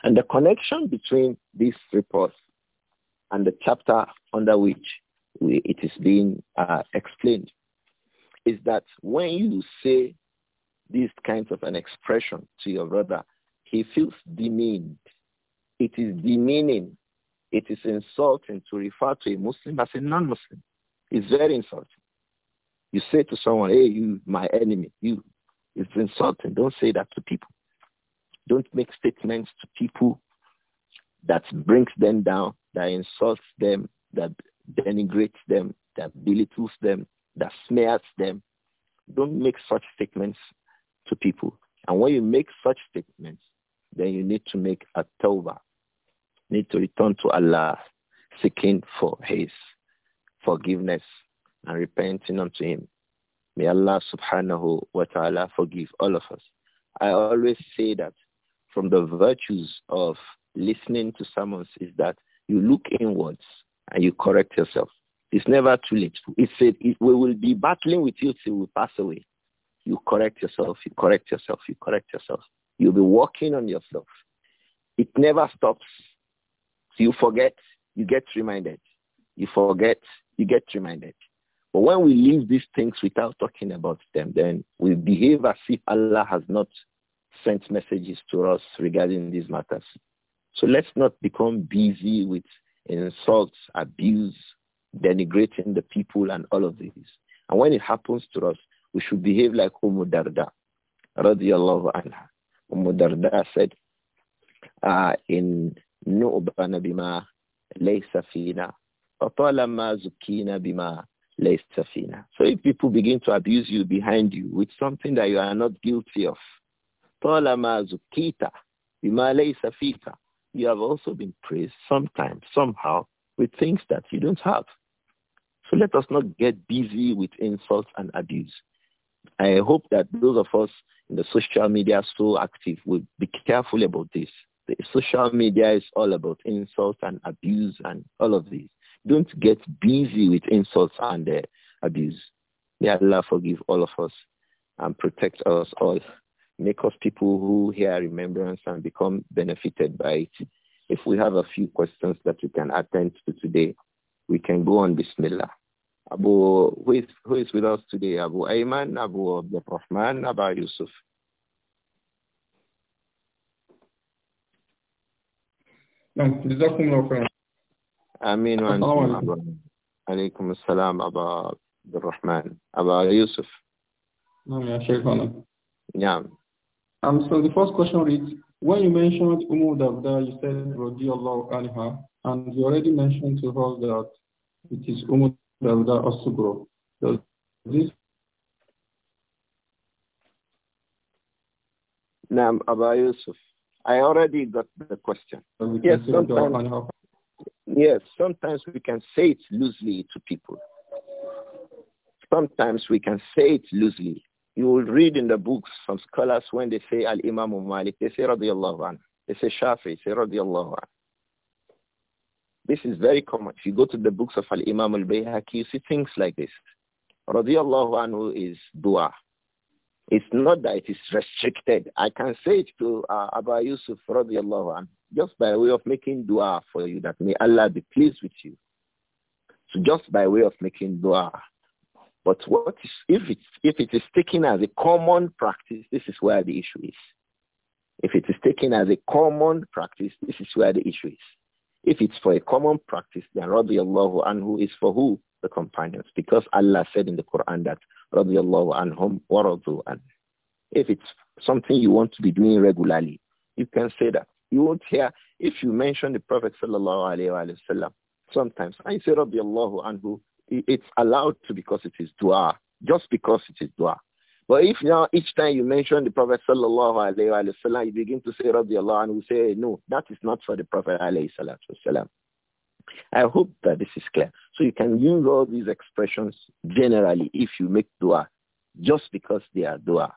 And the connection between these reports and the chapter under which we, it is being uh, explained is that when you say these kinds of an expression to your brother, he feels demeaned. It is demeaning. It is insulting to refer to a Muslim as a non-Muslim. It's very insulting. You say to someone, hey, you, my enemy, you. It's insulting. Don't say that to people. Don't make statements to people that brings them down, that insults them, that denigrates them, that belittles them, that smears them. Don't make such statements to people. And when you make such statements, then you need to make a tawbah, need to return to Allah, seeking for His forgiveness and repenting unto Him. May Allah subhanahu wa ta'ala forgive all of us. I always say that from the virtues of listening to sermons is that you look inwards and you correct yourself. It's never too late. It said, we will be battling with you till we pass away. You correct yourself, you correct yourself, you correct yourself. You'll be working on yourself. It never stops. you forget, you get reminded. You forget, you get reminded. But when we leave these things without talking about them, then we behave as if Allah has not sent messages to us regarding these matters. So let's not become busy with insults, abuse, denigrating the people and all of this. And when it happens to us, we should behave like Umm Darda, radiallahu anha. Umm Darda said ah, in نؤبن بما ليس فينا وطالما زكينا بما So if people begin to abuse you behind you with something that you are not guilty of, You have also been praised sometimes, somehow, with things that you don't have. So let us not get busy with insults and abuse. I hope that those of us in the social media so active will be careful about this. The social media is all about insults and abuse and all of these. Don't get busy with insults and uh, abuse. May Allah forgive all of us and protect us all. Make us people who hear remembrance and become benefited by it. If we have a few questions that we can attend to today, we can go on Bismillah. Abu, who is, who is with us today? Abu Ayman, Abu Rahman, Abu Yusuf. Amin wa alaykum as-salam, Abu Rahman, Abu Yusuf. Yeah. Um, so the first question reads, when you mentioned Umu Davda, you said and you already mentioned to her that it is Umu Mevla Asugro. Does this Naam, Yusuf. I already got the question. Yes sometimes, yes, sometimes we can say it loosely to people. Sometimes we can say it loosely. You will read in the books from scholars when they say Al-Imam Malik, they say radiallahu anhu. They say Shafi, they say radiallahu anhu. This is very common. If you go to the books of Al-Imam al-Bayhaqi, you see things like this. Radiallahu anhu is dua. It's not that it is restricted. I can say it to uh, Yusuf radiallahu anhu, just by way of making dua for you that may Allah be pleased with you. So just by way of making dua. But what is, if, it's, if it is taken as a common practice, this is where the issue is. If it is taken as a common practice, this is where the issue is. If it's for a common practice, then radiallahu anhu is for who? The companions. Because Allah said in the Quran that radiallahu anhum waradu an. If it's something you want to be doing regularly, you can say that. You won't hear, if you mention the Prophet sallallahu alayhi wasallam. sometimes I say radiallahu anhu, it's allowed to because it is dua, just because it is dua. But if now each time you mention the Prophet sallallahu alayhi wasallam, you begin to say radiallahu anhu, say no, that is not for the Prophet alayhi wasallam. I hope that this is clear. So you can use all these expressions generally if you make dua, just because they are dua.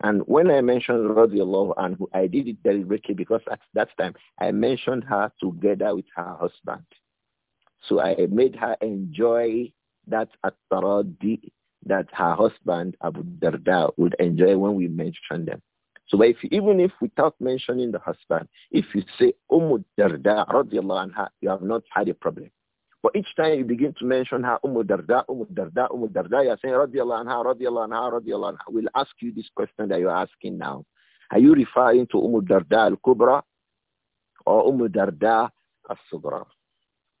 And when I mentioned radiallahu anhu, I did it deliberately because at that time I mentioned her together with her husband. So I made her enjoy that at-taradi that her husband Abu Darda would enjoy when we mention them. So if even if without mentioning the husband, if you say Umm Darda radiallahu anha, you have not had a problem. But each time you begin to mention her Umm Darda, Umm Darda, Darda, you are saying radiallahu anha, radiallahu anha, radiallahu anha. We'll ask you this question that you are asking now. Are you referring to Umm Darda al-Kubra or Umm Darda al-Sugra?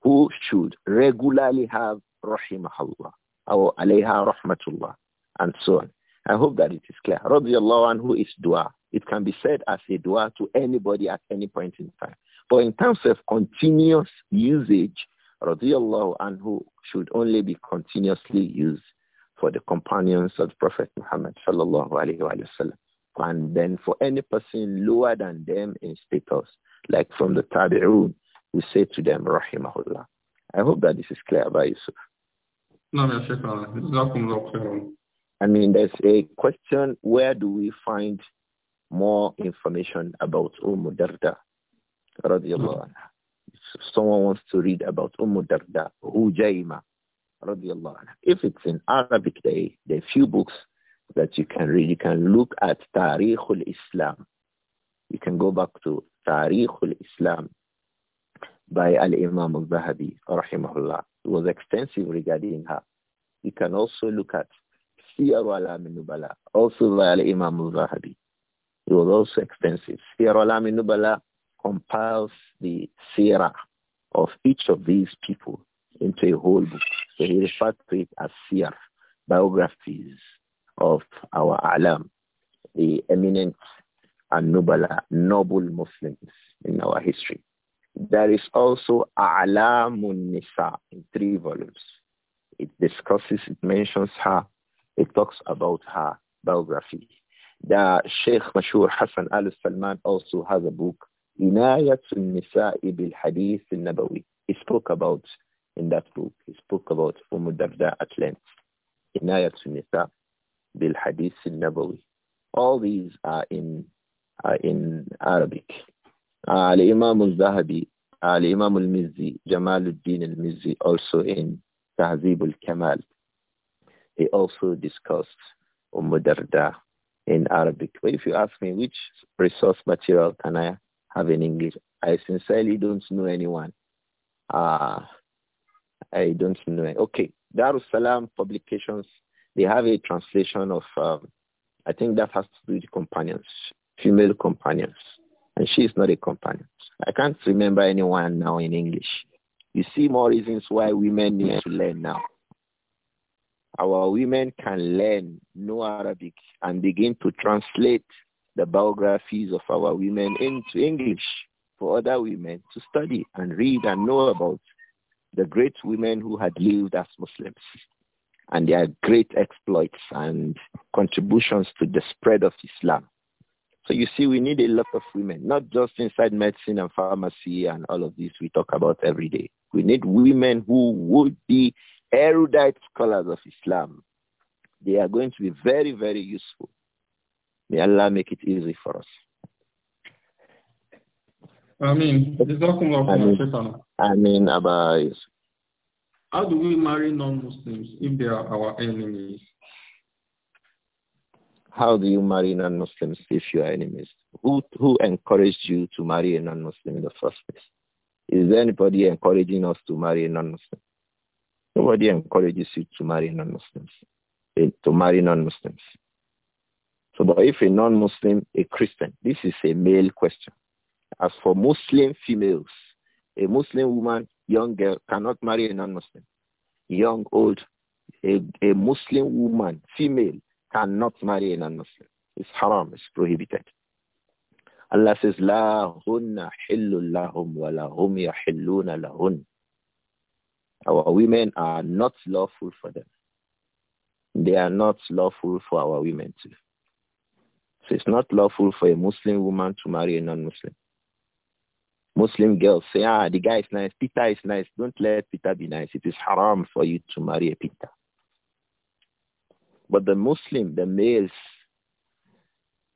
Who should regularly have rahimahullah? أو عليها and so on. I hope that it is clear. رضي الله Anhu is dua. It can be said as a dua to anybody at any point in time. But in terms of continuous usage, radiyallahu anhu should only be continuously used for the companions of Prophet Muhammad sallallahu alayhi wa And then for any person lower than them in status, like from the Tabi'un, we say to them, rahimahullah. I hope that this is clear by Yusuf. I mean, there's a question, where do we find more information about Umm Darda? Someone wants to read about Umm Darda, Ujaima, If it's in Arabic, there are few books that you can read. You can look at Tariq al-Islam. You can go back to Tariq al-Islam by Al-Imam al-Zahabi, rahimahullah. It was extensive regarding her. You can also look at Siyar al Nubala, also by Al-Imam al-Zahabi. It was also extensive. Siyar al Nubala compiles the Sirah of each of these people into a whole book. So he referred to it as Siyar, biographies of our Alam, the eminent and noble, noble Muslims in our history. There is also A'lamun Nisa in three volumes. It discusses, it mentions her, it talks about her biography. The Sheikh Mashur Hassan al-Salman also has a book, Inayatun nisa bil Hadith al-Nabawi. He spoke about, in that book, he spoke about Umm Darda at length. Inayatun Nisa bil Hadith al-Nabawi. All these are in, are in Arabic. Uh, Al-Imam al-Zahabi, Al-Imam al-Mizzi, Jamal al-Mizzi, also in Tahzib al-Kamal, he also discussed Umm Darda in Arabic. But if you ask me which resource material can I have in English, I sincerely don't know anyone. Uh, I don't know. Okay, Darussalam Publications, they have a translation of, um, I think that has to do with companions, female companions. And she is not a companion. I can't remember anyone now in English. You see more reasons why women need to learn now. Our women can learn, know Arabic, and begin to translate the biographies of our women into English for other women to study and read and know about the great women who had lived as Muslims and their great exploits and contributions to the spread of Islam. So you see, we need a lot of women, not just inside medicine and pharmacy and all of this we talk about every day. We need women who would be erudite scholars of Islam. They are going to be very, very useful. May Allah make it easy for us. I mean, Abba How do we marry non-Muslims if they are our enemies? How do you marry non-Muslims if you are enemies? Who, who encouraged you to marry a non-Muslim in the first place? Is there anybody encouraging us to marry a non-Muslim? Nobody encourages you to marry non-Muslims, eh, to marry non-Muslims. So, but if a non-Muslim, a Christian, this is a male question. As for Muslim females, a Muslim woman, young girl, cannot marry a non-Muslim. Young, old, a, a Muslim woman, female, cannot marry a non-Muslim. It's haram, it's prohibited. Allah says, لا هن حل لهم ولا هم يحلون لهن. Our women are not lawful for them. They are not lawful for our women too. So it's not lawful for a Muslim woman to marry a non-Muslim. Muslim girls say, ah, the guy is nice, Peter is nice. Don't let Peter be nice. It is haram for you to marry a Peter. But the Muslim, the males,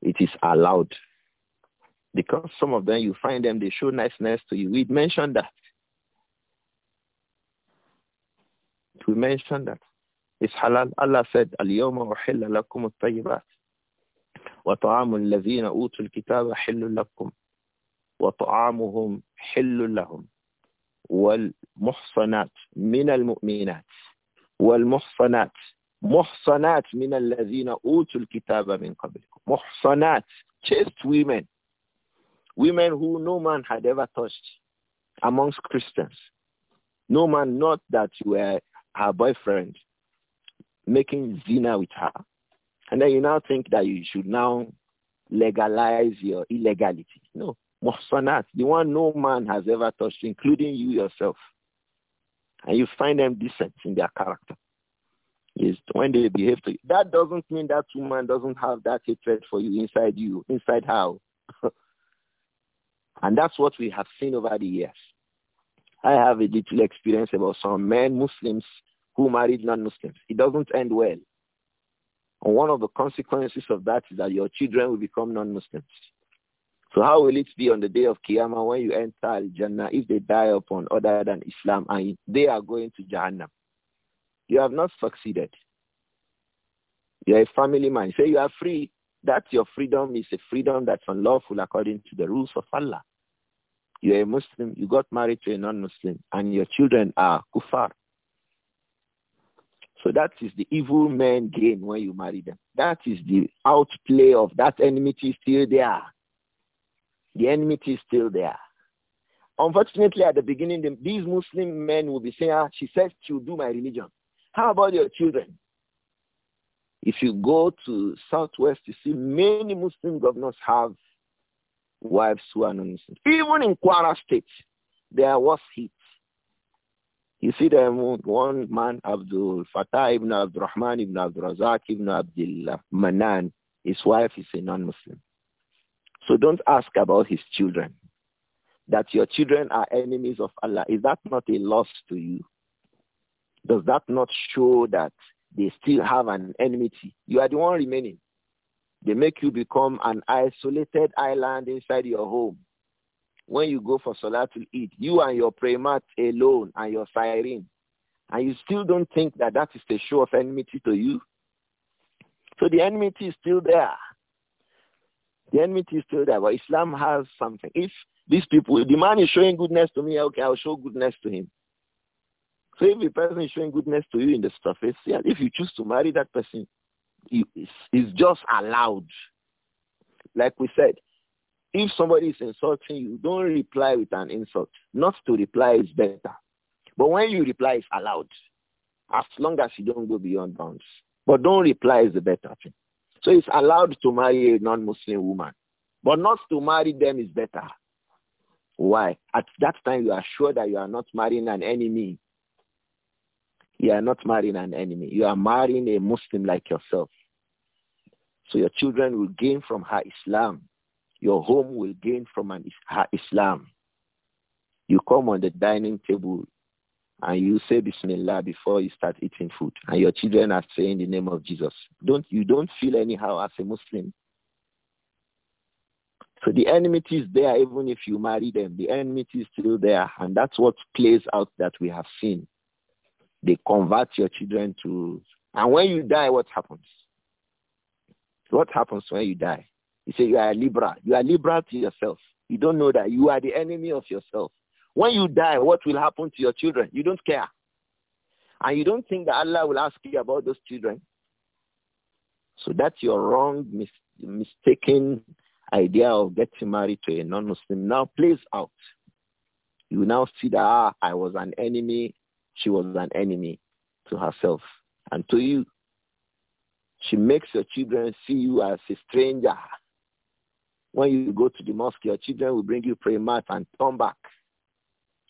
it is allowed. Because some of them, you find them, they show niceness to you. We mentioned that. We mentioned that. It's halal. Allah said, Al-yawma uhilla lakum at-tayyibat. Wa ta'amu al-lazina utul kitaba hillu lakum. Wa ta'amuhum hillu lahum. Wal muhsanat min al-mu'minat. Wal muhsanat محصنات من الذين أُوتوا الكتاب من قبلكم. محصنات, chaste women. Women who no man had ever touched amongst Christians. No man, not that you were her boyfriend, making zina with her. And then you now think that you should now legalize your illegality. No. محصنات, the one no man has ever touched, including you yourself. And you find them decent in their character is when they behave to you. That doesn't mean that woman doesn't have that hatred for you inside you, inside how. *laughs* and that's what we have seen over the years. I have a little experience about some men, Muslims, who married non-Muslims. It doesn't end well. And one of the consequences of that is that your children will become non-Muslims. So how will it be on the day of Qiyamah when you enter Al-Jannah if they die upon other than Islam and they are going to Jahannam? You have not succeeded. You're a family man. Say you are free. That your freedom is a freedom that's unlawful according to the rules of Allah. You're a Muslim. You got married to a non-Muslim. And your children are kuffar. So that is the evil men gain when you marry them. That is the outplay of that enmity still there. The enmity is still there. Unfortunately, at the beginning, these Muslim men will be saying, ah, she says she'll do my religion. How about your children? If you go to Southwest, you see many Muslim governors have wives who are non-Muslims. Even in Kwara State, there was heat. You see them, one man, Abdul Fatah ibn Abdul Rahman ibn Abdul Razak ibn Abdullah Manan, his wife is a non-Muslim. So don't ask about his children. That your children are enemies of Allah, is that not a loss to you? Does that not show that they still have an enmity? You are the one remaining. They make you become an isolated island inside your home. When you go for Salah to eat, you and your prayer mat alone and your siren, and you still don't think that that is the show of enmity to you? So the enmity is still there. The enmity is still there, but Islam has something. If these people, the man is showing goodness to me, okay, I'll show goodness to him. So if a person is showing goodness to you in the surface, yeah, if you choose to marry that person, it's, it's just allowed. Like we said, if somebody is insulting you, don't reply with an insult. Not to reply is better. But when you reply, it's allowed. As long as you don't go beyond bounds. But don't reply is the better thing. So it's allowed to marry a non-Muslim woman. But not to marry them is better. Why? At that time, you are sure that you are not marrying an enemy. You are not marrying an enemy. You are marrying a Muslim like yourself. So your children will gain from her Islam. Your home will gain from an, her Islam. You come on the dining table and you say Bismillah before you start eating food, and your children are saying the name of Jesus. Don't you don't feel anyhow as a Muslim? So the enmity is there even if you marry them. The enmity is still there, and that's what plays out that we have seen. They convert your children to... And when you die, what happens? What happens when you die? You say you are a liberal. You are liberal to yourself. You don't know that you are the enemy of yourself. When you die, what will happen to your children? You don't care. And you don't think that Allah will ask you about those children. So that's your wrong, mis mistaken idea of getting married to a non-Muslim now plays out. You now see that ah, I was an enemy she was an enemy to herself and to you. She makes your children see you as a stranger. When you go to the mosque, your children will bring you prayer mat and come back.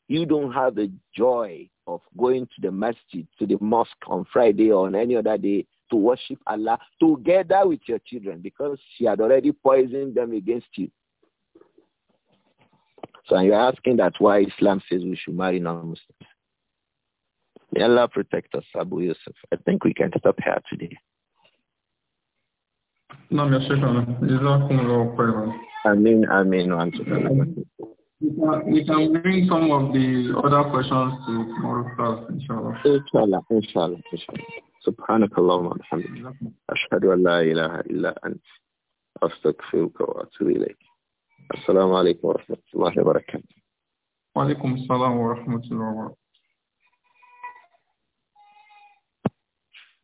You don't have the joy of going to the masjid, to the mosque on Friday or on any other day to worship Allah together with your children because she had already poisoned them against you. So you're asking that why Islam says we should marry non-Muslims. May Allah protect us, Abu Yusuf. I think we can stop here today. I mean, I mean, once again. We can bring some of the other questions to tomorrow's class, inshallah. Inshallah, inshallah, inshallah. Subhanaka Allahumma alhamdulillah. Ashhadu an la ilaha illa ant. Astaghfiruka wa atubu